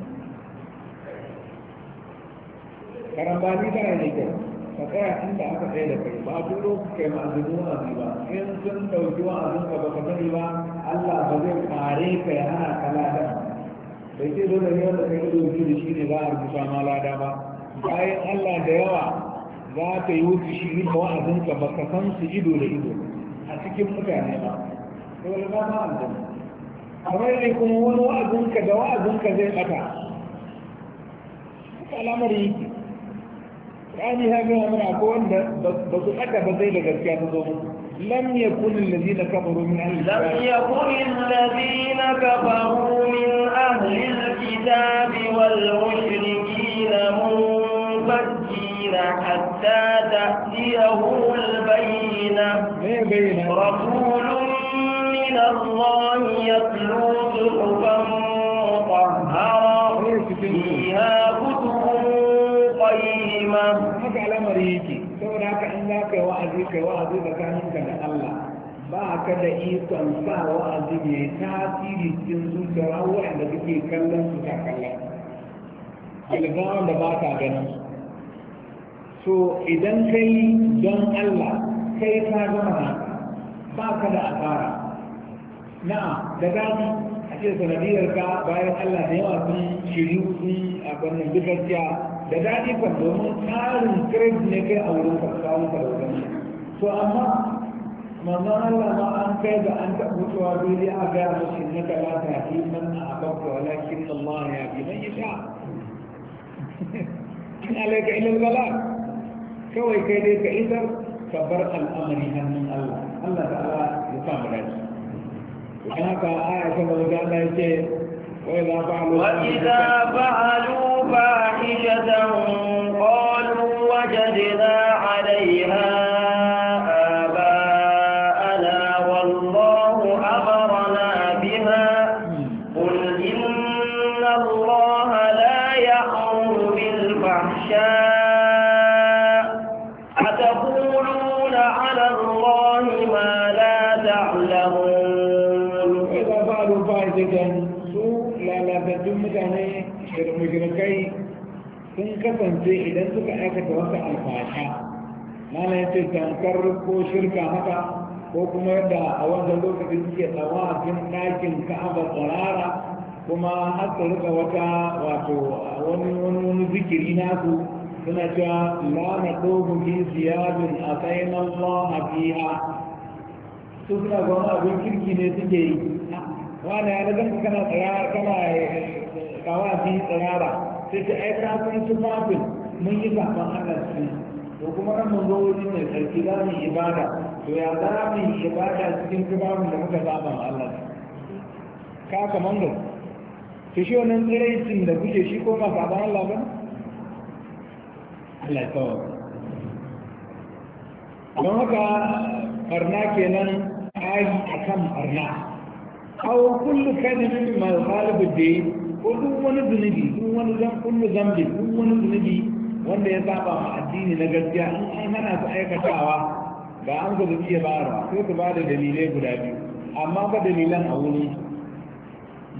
karambani tana ne kyau ka tsaya inda aka tsaye da kai ba a duk lokacin kai ma'azinu wa'azi ba in sun ɗauki wa'azin ka ba ka sani ba Allah ba zai fare ka ya hana ka lada bai ce dole ne wanda kai rubutu da shi ne za a rubuta ma lada ba bayan Allah da yawa za ka yi wuce shi ne wa'azinka ba ka san su ido da ido a cikin mutane ba dole ba ma aljanna kamar ne kuma wani wa'azinka da wa'azinka zai bata al'amari ƙani ya gaya mana ko wanda ba su ɓata ba zai da gaskiya ta zo musu لم يكن الذين كفروا من أهل الكتاب لم يكن الذين كفروا من أهل الكتاب والمشركين منفكين حتى تأتيهم البينة رسول من الله يتلو صحفا مطهرة فيها كتب قيمة haka in za ka yi wa'azi ka yi wa'azi ka da Allah ba ka da ikon sa wa'azi ne ta tiri cikin zuciyar waɗanda suke kallon su ta kallon algawan da ba ka ganin so idan kai don Allah kai ta zama ba ka da asara na'a da gani a ce sanadiyar ka bayan Allah da yawa sun shiru sun abin da dukkan da daɗi kan domin tsarin kirk ne kai a wurin kasawa ka da wani to amma manzon Allah ma an kai ga an taɓa mutuwa dole a gaya musu na kala ta yi man a ababka walakin Allah ya bi man ya sha in alaika ilal bala kawai kai dai ka isar ka bar al'amari hannun Allah Allah ta'ala ya sa mu dace kan haka aya ta manzo Allah yake wa idza fa'alu wa idza fa'alu فاحشة قالوا وجدنا mujirkai sun kasance idan suka aikata wata alfasha na na yace tankar ko shirka haka ko kuma yadda a wanda lokaci suke tsawa cikin ɗakin ka'aba tsarara kuma har su rika wata wato wani wani wani zikiri naku suna cewa la na dogo fi ziyadun a tsayin Allah a fiha su suna gwamna abin kirki ne suke yi ah, wani ya na zan kana tsaya kana eh, eh, eh, kawa bi tsirara sai ta aika kun babin mun yi zaɓen allah su to kuma ran mun zo wuri mai sarki za mu yi ibada to ya za mu yi ibada cikin tufafin da muka zaɓen allah ka kaman da to shi wannan tsiraicin da kuke shi ko ma zaɓen allah ba allah ya kawo don haka barna kenan ayi akan barna أو كل كلمة مما يخالف الدين ko duk wani zunubi duk wani zan kullu zambi duk wani zunubi wanda ya saba ma addini na gaskiya in ai hana su aikatawa ba an ga iya bayarwa sai su ba da dalilai guda biyu amma ba dalilan a wurin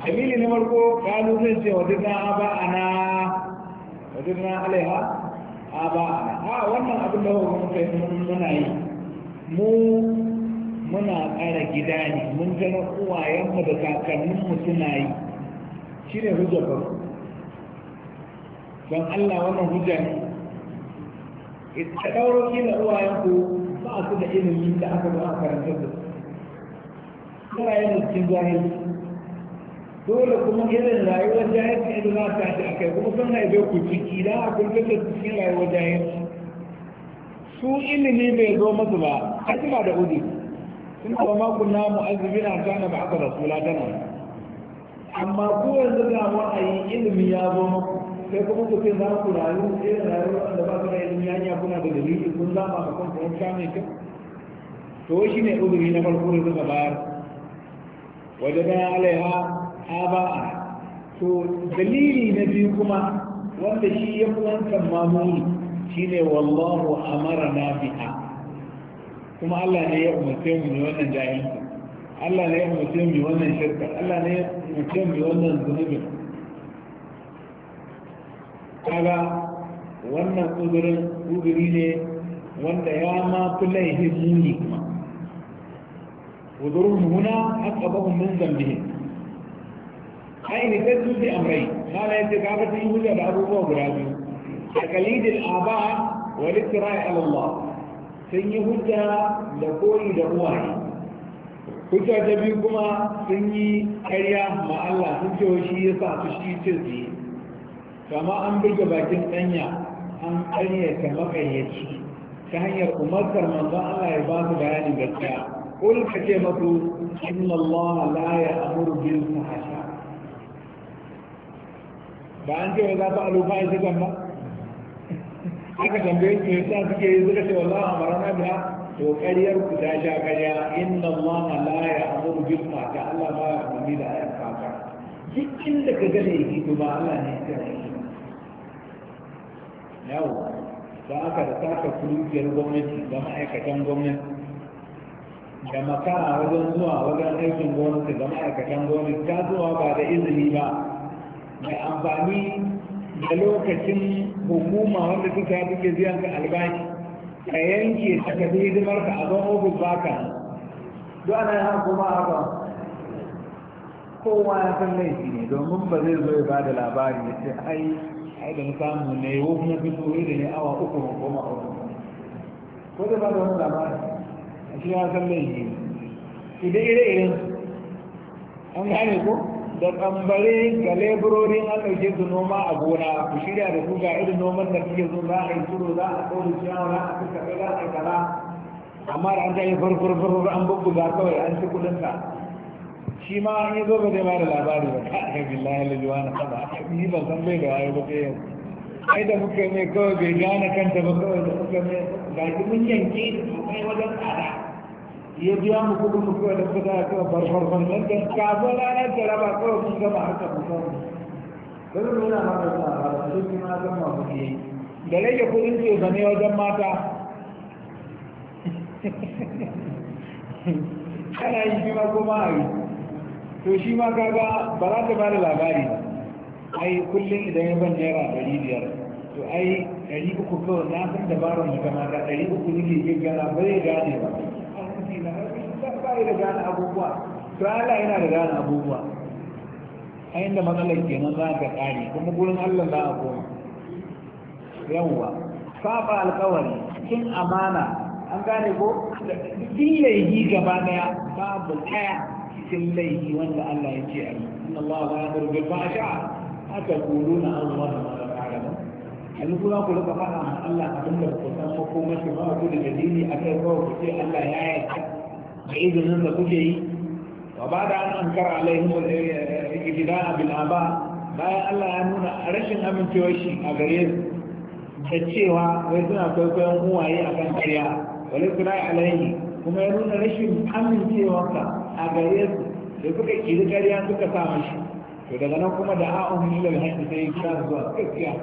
dalili na farko kalu zai ce wa duk na aba ana wa duk na alaiha aba ana a wannan abin da mun kai muna yi mu muna ƙara gida ne mun gano uwayenmu da kakanninmu suna yi shine ne hujjar farko don Allah wannan hujja ne ita ɗauro kila ku ba su da ilimi da aka zo a karantar da su suna yin cikin zahiri dole kuma irin rayuwar jahilci idan za ta shi a kai kuma sun haife ku ciki da a kulkar da cikin rayuwar jahilci su ilimi bai zo masu ba a cima da uzi sun kuma makon namu azumi na kana ba aka rasula tana amma ko yanzu ga wa'ayi ilimi ya zo muku sai kuma ku ce za ku rayu da rayu wanda ba su da ilimi nya kuna da dalili kun zama ma kanku wanka mai kyau to shi ne uzuri na farko da suka bayar wajen ya alaiha ba'a to dalili na biyu kuma wanda shi ya fi wancan mamuni shi ne wallahu amara na biha kuma Allah ne ya umarce mu ne wannan jahilci Allah ne ya mutum bi wannan shirka Allah ne ya mutum bi wannan zunubin kaga wannan uzurin uzuri ne wanda ya ma fi laifin muni kuma uzurin muna aqabahum min mun zambi ne ta tuzi amrai kana yace ka ta yi hujja da abubuwa guda biyu A takalidil aba wa littira'i ala Allah sun yi hujja da koyi da ne hujja ta biyu kuma sun yi karya ma Allah sun ce shi ya sa su shi ce su yi kama an buga bakin danya an karyata makayyaci ta hanyar umarkar manzon Allah ya ba su bayanin gaskiya kul ka ce masu inna Allah la ya'muru bil fahsha ba an ce za ta alufa ya zuga ba aka tambaye su yasa suke yi suka ce wallahi amarana biha to ƙaryar ku ta sha ƙarya inna Allah la ya amuru bil ta Allah ba ya amuri da ayyukan fata duk inda ka gane yi to ba Allah ne ya tsare shi ba da aka da taka kulukiyar gwamnati ga ma'aikatan gwamnati da makara wajen zuwa wajen aikin gwamnati ga ma'aikatan gwamnati ta zuwa ba da izini ba mai amfani da lokacin hukuma wanda suka yi duke biyan ka albashi ka yanke ta ka bi hidimar ka a zan ofis baka duk ana yi haka kuma haka kowa ya san laifi ne domin ba zai zo ya ba da labari ya ce ai ai da na samu ne ko kuma fi tsoro da ne awa uku ma koma ofis ko zai ba da wani labari a shi ya san laifi ne idan ire-iren an gane ko da tsambare da leburori an ɗauke su noma a gona ku shirya da su ga irin noman da kuke zo za a yi turo za a tsoro ciyawa a fuska za a kala amma da an ta yi farfarfarfar an bubbuga kawai an ci kuɗin ka shi ma an yi zo ba zai ba da labari ba kai billahi laluwa na kaza ni ban san bai da wayo ba sai yau. ai da muka mai kawai bai gane kanta ba kawai da muka mai ga mun yanke da kai wajen tsada ya biya mu kudin mu kawai da kuɗa a kawai barfarfan nan da kafin ranar da raba kawai mun gama haka mu samu kawai mu yana mata sa a rasu shi ma zama mu ke da rage kudin ce zane wajen mata Kana yi shi ma kuma a yi to shi ma kaga ba za ta ba da labari ai kullum idan ya ban naira ɗari biyar to ai ɗari uku kawai na san dabarar da kamata ɗari uku nake gaggara ba zai gane ba bai da gane abubuwa to Allah yana da gane abubuwa a inda matsalar ke kenan za ka kare kuma gurin Allah za a koma yawwa saba alƙawari kin amana an gane ko duk laifi gaba daya babu daya cikin laifi wanda Allah ya ce a yi inna Allah ya amuru bil fahsha aka na Allah ma la ta'lamu yanzu kuma ku rika faɗa ma Allah abin da ku san ko kuma shi ba ku da a kai ko ku ce Allah ya yarda da izinin da kuke yi wa ba da an ankara alaihim ikitida bil aba bayan Allah ya nuna rashin amincewar shi a gare su da cewa wai suna kwaikwayon uwaye a kan karya wale yi alaihi kuma ya nuna rashin amincewarsa a gare su da suka kiri karya suka sa mashi to daga nan kuma da a'un ilal hajji sai ya kira zuwa gaskiya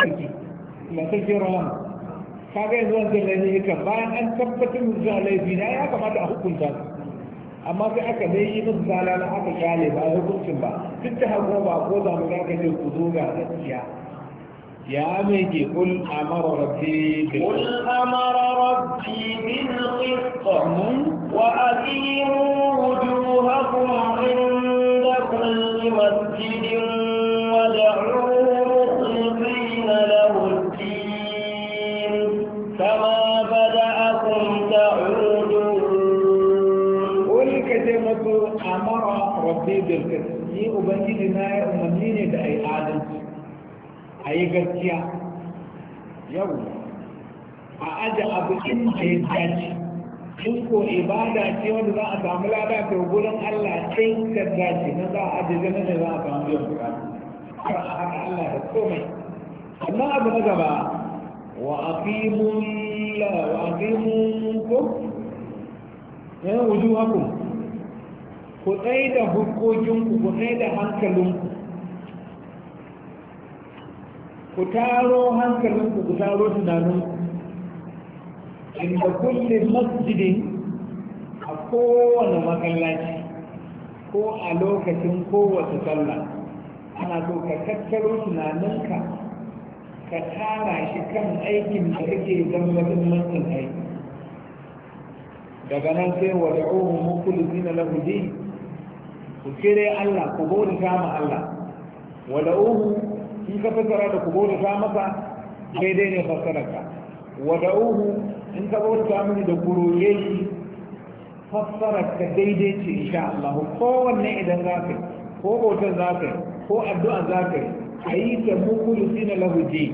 sarki ba sarki rawan kaga yanzu wancan laifi kan bayan an tabbatar da zuwa laifi na ya kamata a hukunta su amma sai aka dai yi musu zalala aka kyale ba a hukuncin ba duk da hako ba ko za mu zaka ce ku zo ga gaskiya ya mai ke kul amara rabbi bil kul amara rabbi bil qist wa aqimu wujuhakum inda kulli masjidin wa da'u mukhlisina lahu كما بدأكم تعودون قل كتمة أمر ربي بالقسط ni ubangiji na ya umarni ne da ai adalci a yi gaskiya yau a aje ko ibada ce wanda za a samu lada ta gurin Allah sai ka ce na za a aje ganin da za a samu yau har a Allah da komai amma abu na gaba وأقيموا لا وأقيموا وجوهكم كتيد حقوقكم كتيد هنكلكم ku taro hankalinku ku taro tunaninku inda kulle masjidin a kowane makallaci, ko a lokacin kowace sallah ana so ka tattaro tunaninka ka tara shi kan aikin da kake don mahimmancin aiki daga nan sai wada wa mukulu zina lahu din ku kire Allah ku bauta ta ma Allah Wada da'uhu in ka fasara da ku bauta ta masa daidai ne fasararka Wada da'uhu in ka bauta mini da kuroye shi fassarar ka daidai ce insha Allah kowanne idan za ka yi, ko bautar za ka yi, ko addu'a za ka yi a yi ta mukulu lahu lahuje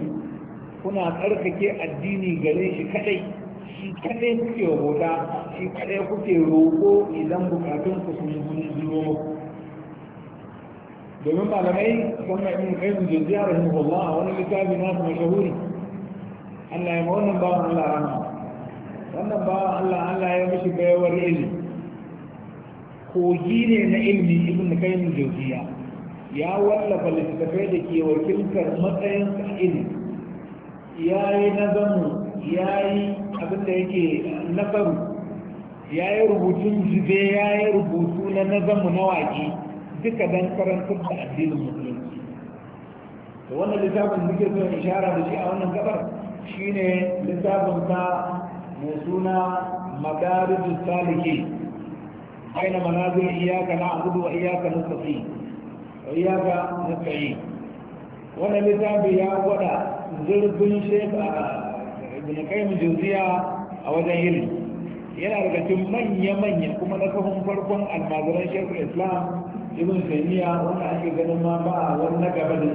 kuna tsarkake addini gare shi kadai shi kadai kuke bauta shi kadai kuke roƙo idan bukatun ku sun zuwa muku domin malamai sun mai min kai mun jirgiya rahimahullah a wani littafi nasu mashahuri Allah ya ma wannan bawan Allah rahama wannan bawan Allah Allah ya mishi bayawar ilimi kogi ne na ilimi ibn kai mun jirgiya ya wallafa littattafai da ke wakiltar matsayin ilimi ya yi nazamu ya yi abinda yake nazaru ya yi rubutun jibe ya yi rubutu na nazamu na waƙi duka don karantar da addinin musulunci to wannan littafin muke so ishara da shi a wannan gabar shine littafin ta mai suna madarijus saliki aina manazir iyaka na abudu wa iyaka nastaqim iyaka na yi wannan littafi ya gwada zurfin shefa ibn qayyim jawziya a wajen yin yana da cikin manya-manya kuma na kafin farkon almazaran shekul islam ibn taymiya wanda ake ganin ma ba wani na gaba da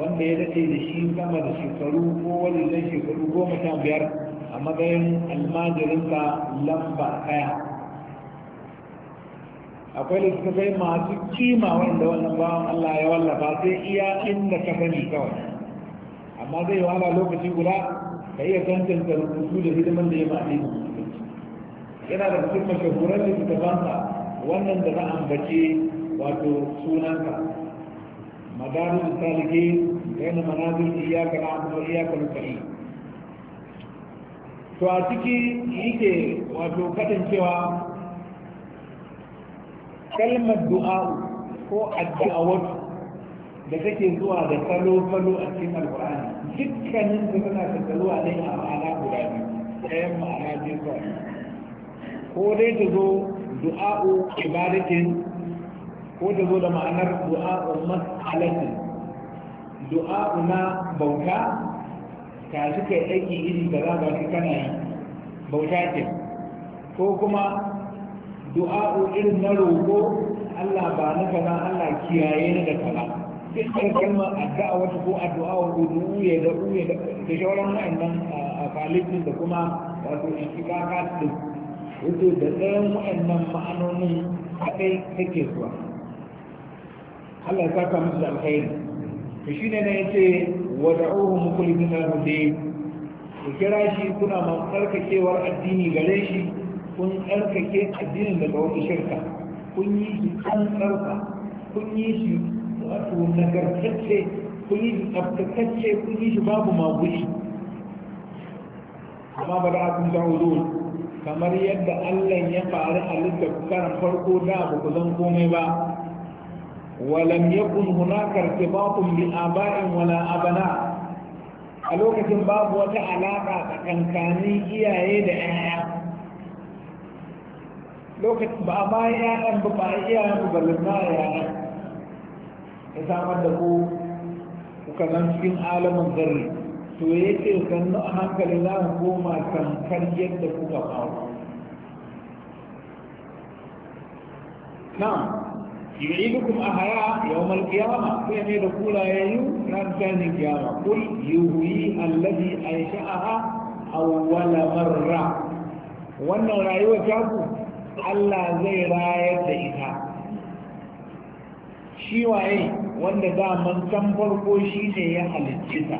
wanda ya dace da shi sama da shekaru ko wani zai shekaru goma sha biyar a matsayin almajirinsa lamba kaya akwai littattafai masu kima wanda wannan bawan Allah ya wallafa sai iya inda ka sani kawai amma zai wahala lokaci guda ka iya tantance rubutu da hidiman da ya ma ne yana da cikin mashahuran littattafansa wannan da a ambace wato sunanka مدارج السالكين بين منازل إياك نعبد وإياك نستعين to a ciki yake wato kadancewa? kalmar du'a ko addu'awar da take zuwa da falo-falo a cikin alkur'ani dukkanin su suna da a ne a ma'ana guda biyu ɗayan ma'ana biyu kawai ko dai ta zo du'a'u ibadatin ko ta zo da ma'anar du'a'u mas'alati du'a'u na bauta ka shi kai aiki iri da za ka kana bauta ce ko kuma Du'a irin na roƙo Allah ba na kaza Allah kiyaye ni da kaza sai ka kalma addu'a wata ko addu'a wa du'u ya da ya da da shauran wa'annan kalifin da kuma wato istiqaqat din wato da tsayin wa'annan ma'anonin kadai take zuwa Allah ya saka musu alkhairi to shine ne yace wad'uhu mukulibina hudayb ku kira shi kuna man tsarkakewar addini gare shi kun tsarkake addinin daga wata shirka kun yi shi an tsarka kun yi shi wato nagartacce kun yi shi tsaftatacce kun yi shi babu magushi amma ba da kun ta'udun kamar yadda Allah ya faru a littafin karan farko da ba ku zan komai ba Walam yakun يكن هناك bi aba'in wala abana a lokacin babu wata alaƙa tsakankanin iyaye da 'ya'ya lokacin ba a bayan yaran ba ba a iya ku ba lulma a yaran ya samar da ku kuka zan cikin alamin zarri to ya ce zannu a hankali za mu koma tamkar yadda kuka fara nan yuri dukum a haya yau malkiyama ku yame da kula ya yi ran tsanin kiyama kul yuri allazi aisha a ha awwala marra wannan rayuwar ta ku Allah zai rayar da ita shi waye wanda daman can farko shi ne ya halicci ta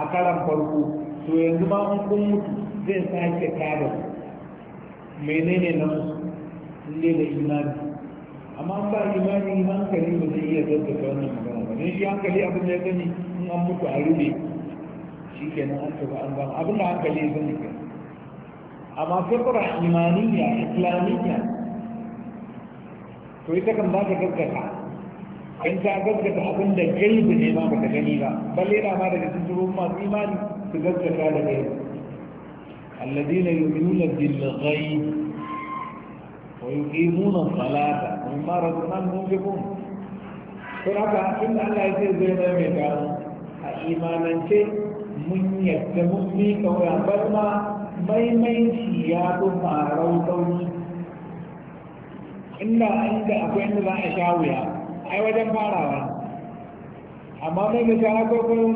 a karan farko to yanzu ma an kun mutu zai sake kada menene na ne da imani amma ba imani hankali ba zai iya zaddaka wannan magana ba don shi hankali abin da ya gani in an mutu a rube shi nan an taba an ba abin da hankali ya gani kenan عواقب رحمانية إسلامية تو إذا كان ذاك قد كتا إن تعبت كتا أبند جيب الإمام تغنيبا بل إذا ما رجل تسرون ما إيمان تقد كتا لديه الذين يؤمنون بالغيب ويقيمون الصلاة ومما رزقناهم ينفقون فلاك إن الله يسير بين أمريكا إيمانا شيء من يتمني كما ويعبدنا maimaici ya fi farau sauri inda inda akwai inda za a sha wuya ai wajen farawa amma mai da shara kwakwaro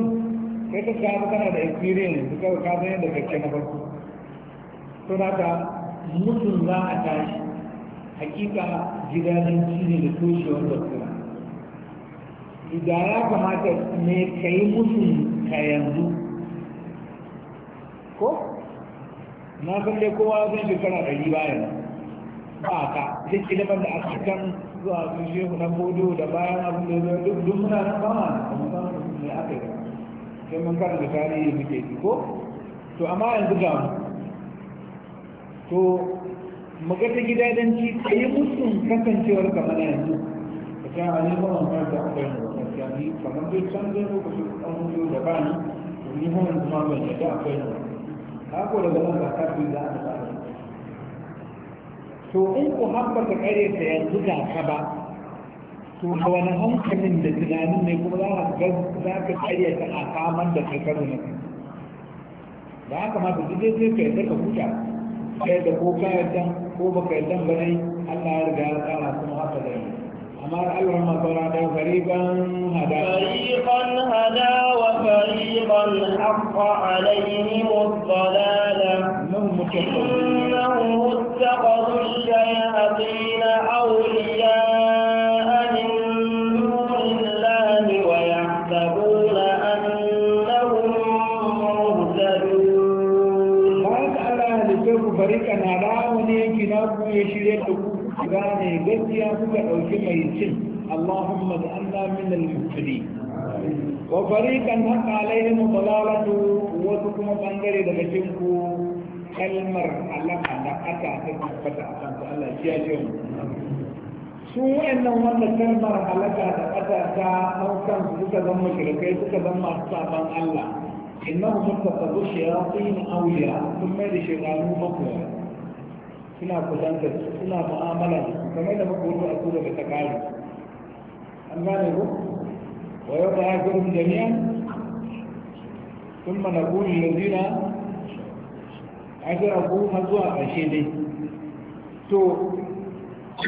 kai ka shafi tana da experience da kawai kasan yadda kake na farko to da ka mutum za a tashi hakika gidanin ne da toshewar basira idan ya kamata ne ka yi mutum ka yanzu ko na san dai kowa zai shekara ɗari bayan ba ka duk ilimin da aka kan zuwa sun shehu na bodo da bayan abin da zai duk duk muna nan ba ma da mu san me aka yi sai mun da karanta yi muke ji ko to amma yanzu ga mu to mu ga ta gida gidadanci ka yi musun kasancewar ka mana yanzu ka ta halima wannan da aka yi gaskiya ni kamar dai can zai ko ka shi ɗan da ba ni ni hawan kuma ban yadda akwai nan ko daga nan ba kafin za a samu to in ku haɓaka ƙare ta yanzu ga ka ba to a wani hankalin da tunanin ne kuma za ka ƙare ta a kamar da kai karo na da haka ma duk zai sai ka yadda ka huta kai da ko ka yadda ko ba ka yadda ba ne Allah ya riga ya tsara kuma haka da yi amma Allah ma saura da gariban hada gariban hada wa الحق عليهم الضلالة إنهم اتخذوا الشياطين أولياء من دون الله ويحسبون أنهم مهتدون قال أهل الكفر فريقا أراوني كناب يشير تقول gane gaskiya kuka ɗauki mai cin Allahumma da Allah wa fariqan haqa alaihim dalalatu wasu kuma bangare daga cikin ku kalmar halaka da aka ta tabbata a kan Allah ya ce mu su wa'annan wanda kalmar halaka da aka ta haukan suka zama mushrikai suka zama masu saban Allah innahu muttafazu shayatin awliya sun mai da shaytanu makoya suna kusanta suna mu'amala kamar da muka wuce a tura da ta an gane ku ويبعثهم جميعا ثم نقول للذين أشركوا هزوا أشيدي تو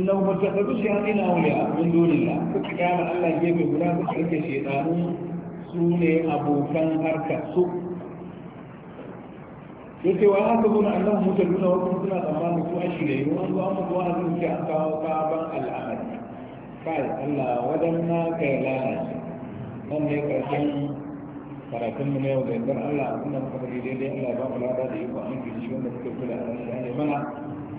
إنه ما اتخذوا شياطين أولياء من دون الله فكان الله جيب هنا فكرك شيطان سوني أبو كان هركا سوء yake wa haka zuna annabi musa duna wasu suna tsammanin su a shirye an zo an mutu wa hannun ce an kawo al'amari allah lalace nan ne karshen karatun mu na yau da yardar Allah inda muka fadi daidai Allah ba mu lada da iko an gishi wanda suka kula da Allah ya mana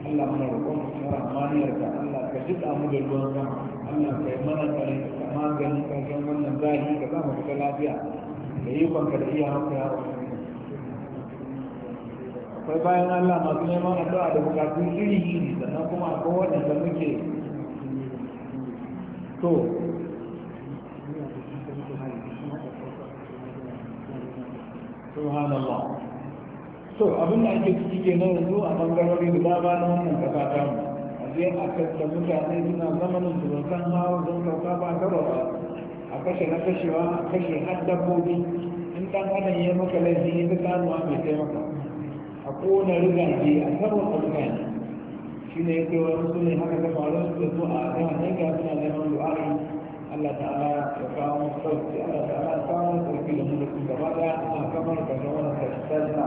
Allah mana roƙon mu tsara amaniyar ka Allah ka jida mu da ruwan sama Allah ka yi mana tsare ka maganin karshen wannan zahi ka za mu fita lafiya da ikon ka da iya maka ya akwai bayan Allah masu neman addu'a da bukatun iri iri sannan kuma akwai waɗanda muke to subhanallah to abin da ake ciki ke nan yanzu a bangarori da dama na wannan kasa ta mu a je a kasta mutane suna zamanin su ban san hawa don sauka ba gaba ba a kashe na kashewa a kashe har dabbobi in ɗan adam ya maka laifi ya fi kanuwa mai taimaka a kowane rigaje a sabon mutane shi ne ya kai wani su ne haka ta faru su da su a zama ne ga suna neman du'a'i Allah ta'ala ya kawo musu sauki Allah ta'ala ya kawo musu sauki da mulkin gaba da Allah kamar ka zama na kashitarsa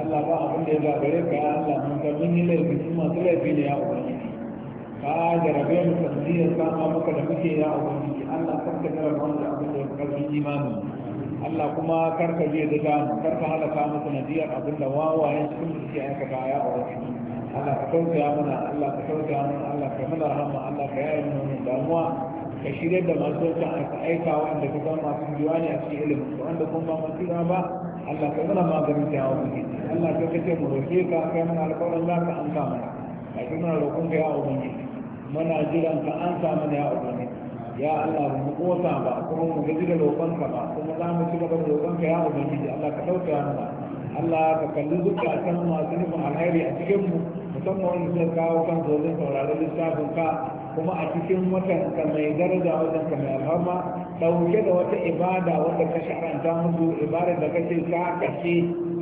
Allah ba abin da ya gagare ka Allah mun ka mun yi laifi sun masu laifi ne ya ubangiji ka ga jarabe mu sanadiyar sama muka da muke ya ubangiji Allah kan ka jarabe mu da abin da ya karfin imanin Allah kuma kar ka je da kar ka halaka mu sanadiyar abin da wawayen sun suke aikata ya ubangiji Allah ka kauta mana Allah ka kauta mana Allah ka mana rahama Allah ka yaye mu damuwa ka shirya da masu wata aka aika wanda ka ga masu biyuwa ne a cikin ilimin su wanda kuma ba masu ba Allah ka mana maganin da yawon muke Allah ka kace mu roke ka kai mana alƙawarin za ka ansa mana a cikin mana roƙon ka yawon ubangi muna jiran ka ansa mana yawon ubangi ya Allah ba mu kosa ba kuma mu gaji da roƙon ka ba kuma za mu ci gaba da roƙon ka yawon ubangi Allah ka ɗauka mana Allah ka kalli zukatan masu nufin alheri a cikin mu musamman wanda suka kawo kan zozin sauraron lissafin ka kuma a cikin watan ka mai daraja watan ka mai alhama dauke da wata ibada wanda ka sharanta musu ibada da kake ka kace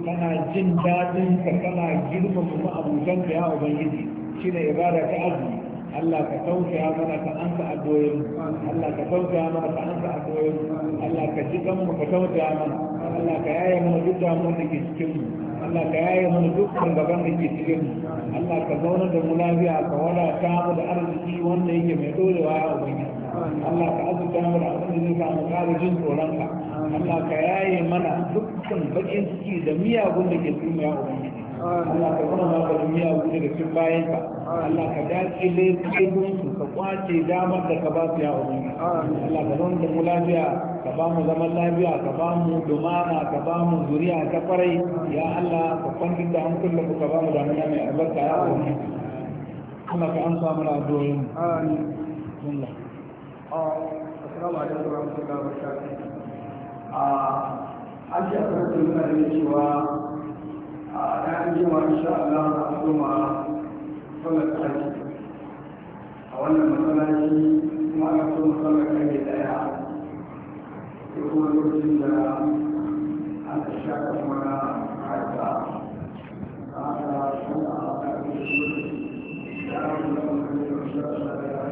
kana jin dadin ka kana girmama ma'abutan ka ya ubangiji shine ibada ta azumi Allah ka tausaya mana ka ansa adoyin Allah ka tausaya mana ka ansa adoyin Allah ka ji mu ka tausaya mana Allah ka yaye mu duk damuwar da ke cikin mu Allah ka yaye mana dukkan gaban da ke cikin Allah ka zauna da mu lafiya ka wadata mu da arziki wanda yake mai dorewa ya ubangi Allah ka azuta mu da abin da zai samu ƙara jin tsoronka Allah ka yaye mana dukkan bakin ciki da miyagun da ke cikin ya ubangi Allah ka kuma maka duniya wuce da cikin bayan ka Allah ka dace da kaibun su ka kwace damar da ka ba su ya wani Allah ka zama mu lafiya ka ba mu zaman lafiya ka ba mu dumana ka ba mu zuriya ta farai ya Allah ka kwantar da hankulan ku ka ba mu damuna mai albarka ya wani Allah ka amsa mana addu'o'in amin Allah assalamu wa rahmatullahi wa barakatuh ah, a an ji a sanar a ɗan jima insha Allah na kuma sallar kaji a wannan matsalaci kuma ana so sallar kaji ɗaya da kuma lokacin da an ta sha kuma na harka a ta shan a ƙarfi da ya rasu da kuma da ya rasu da ya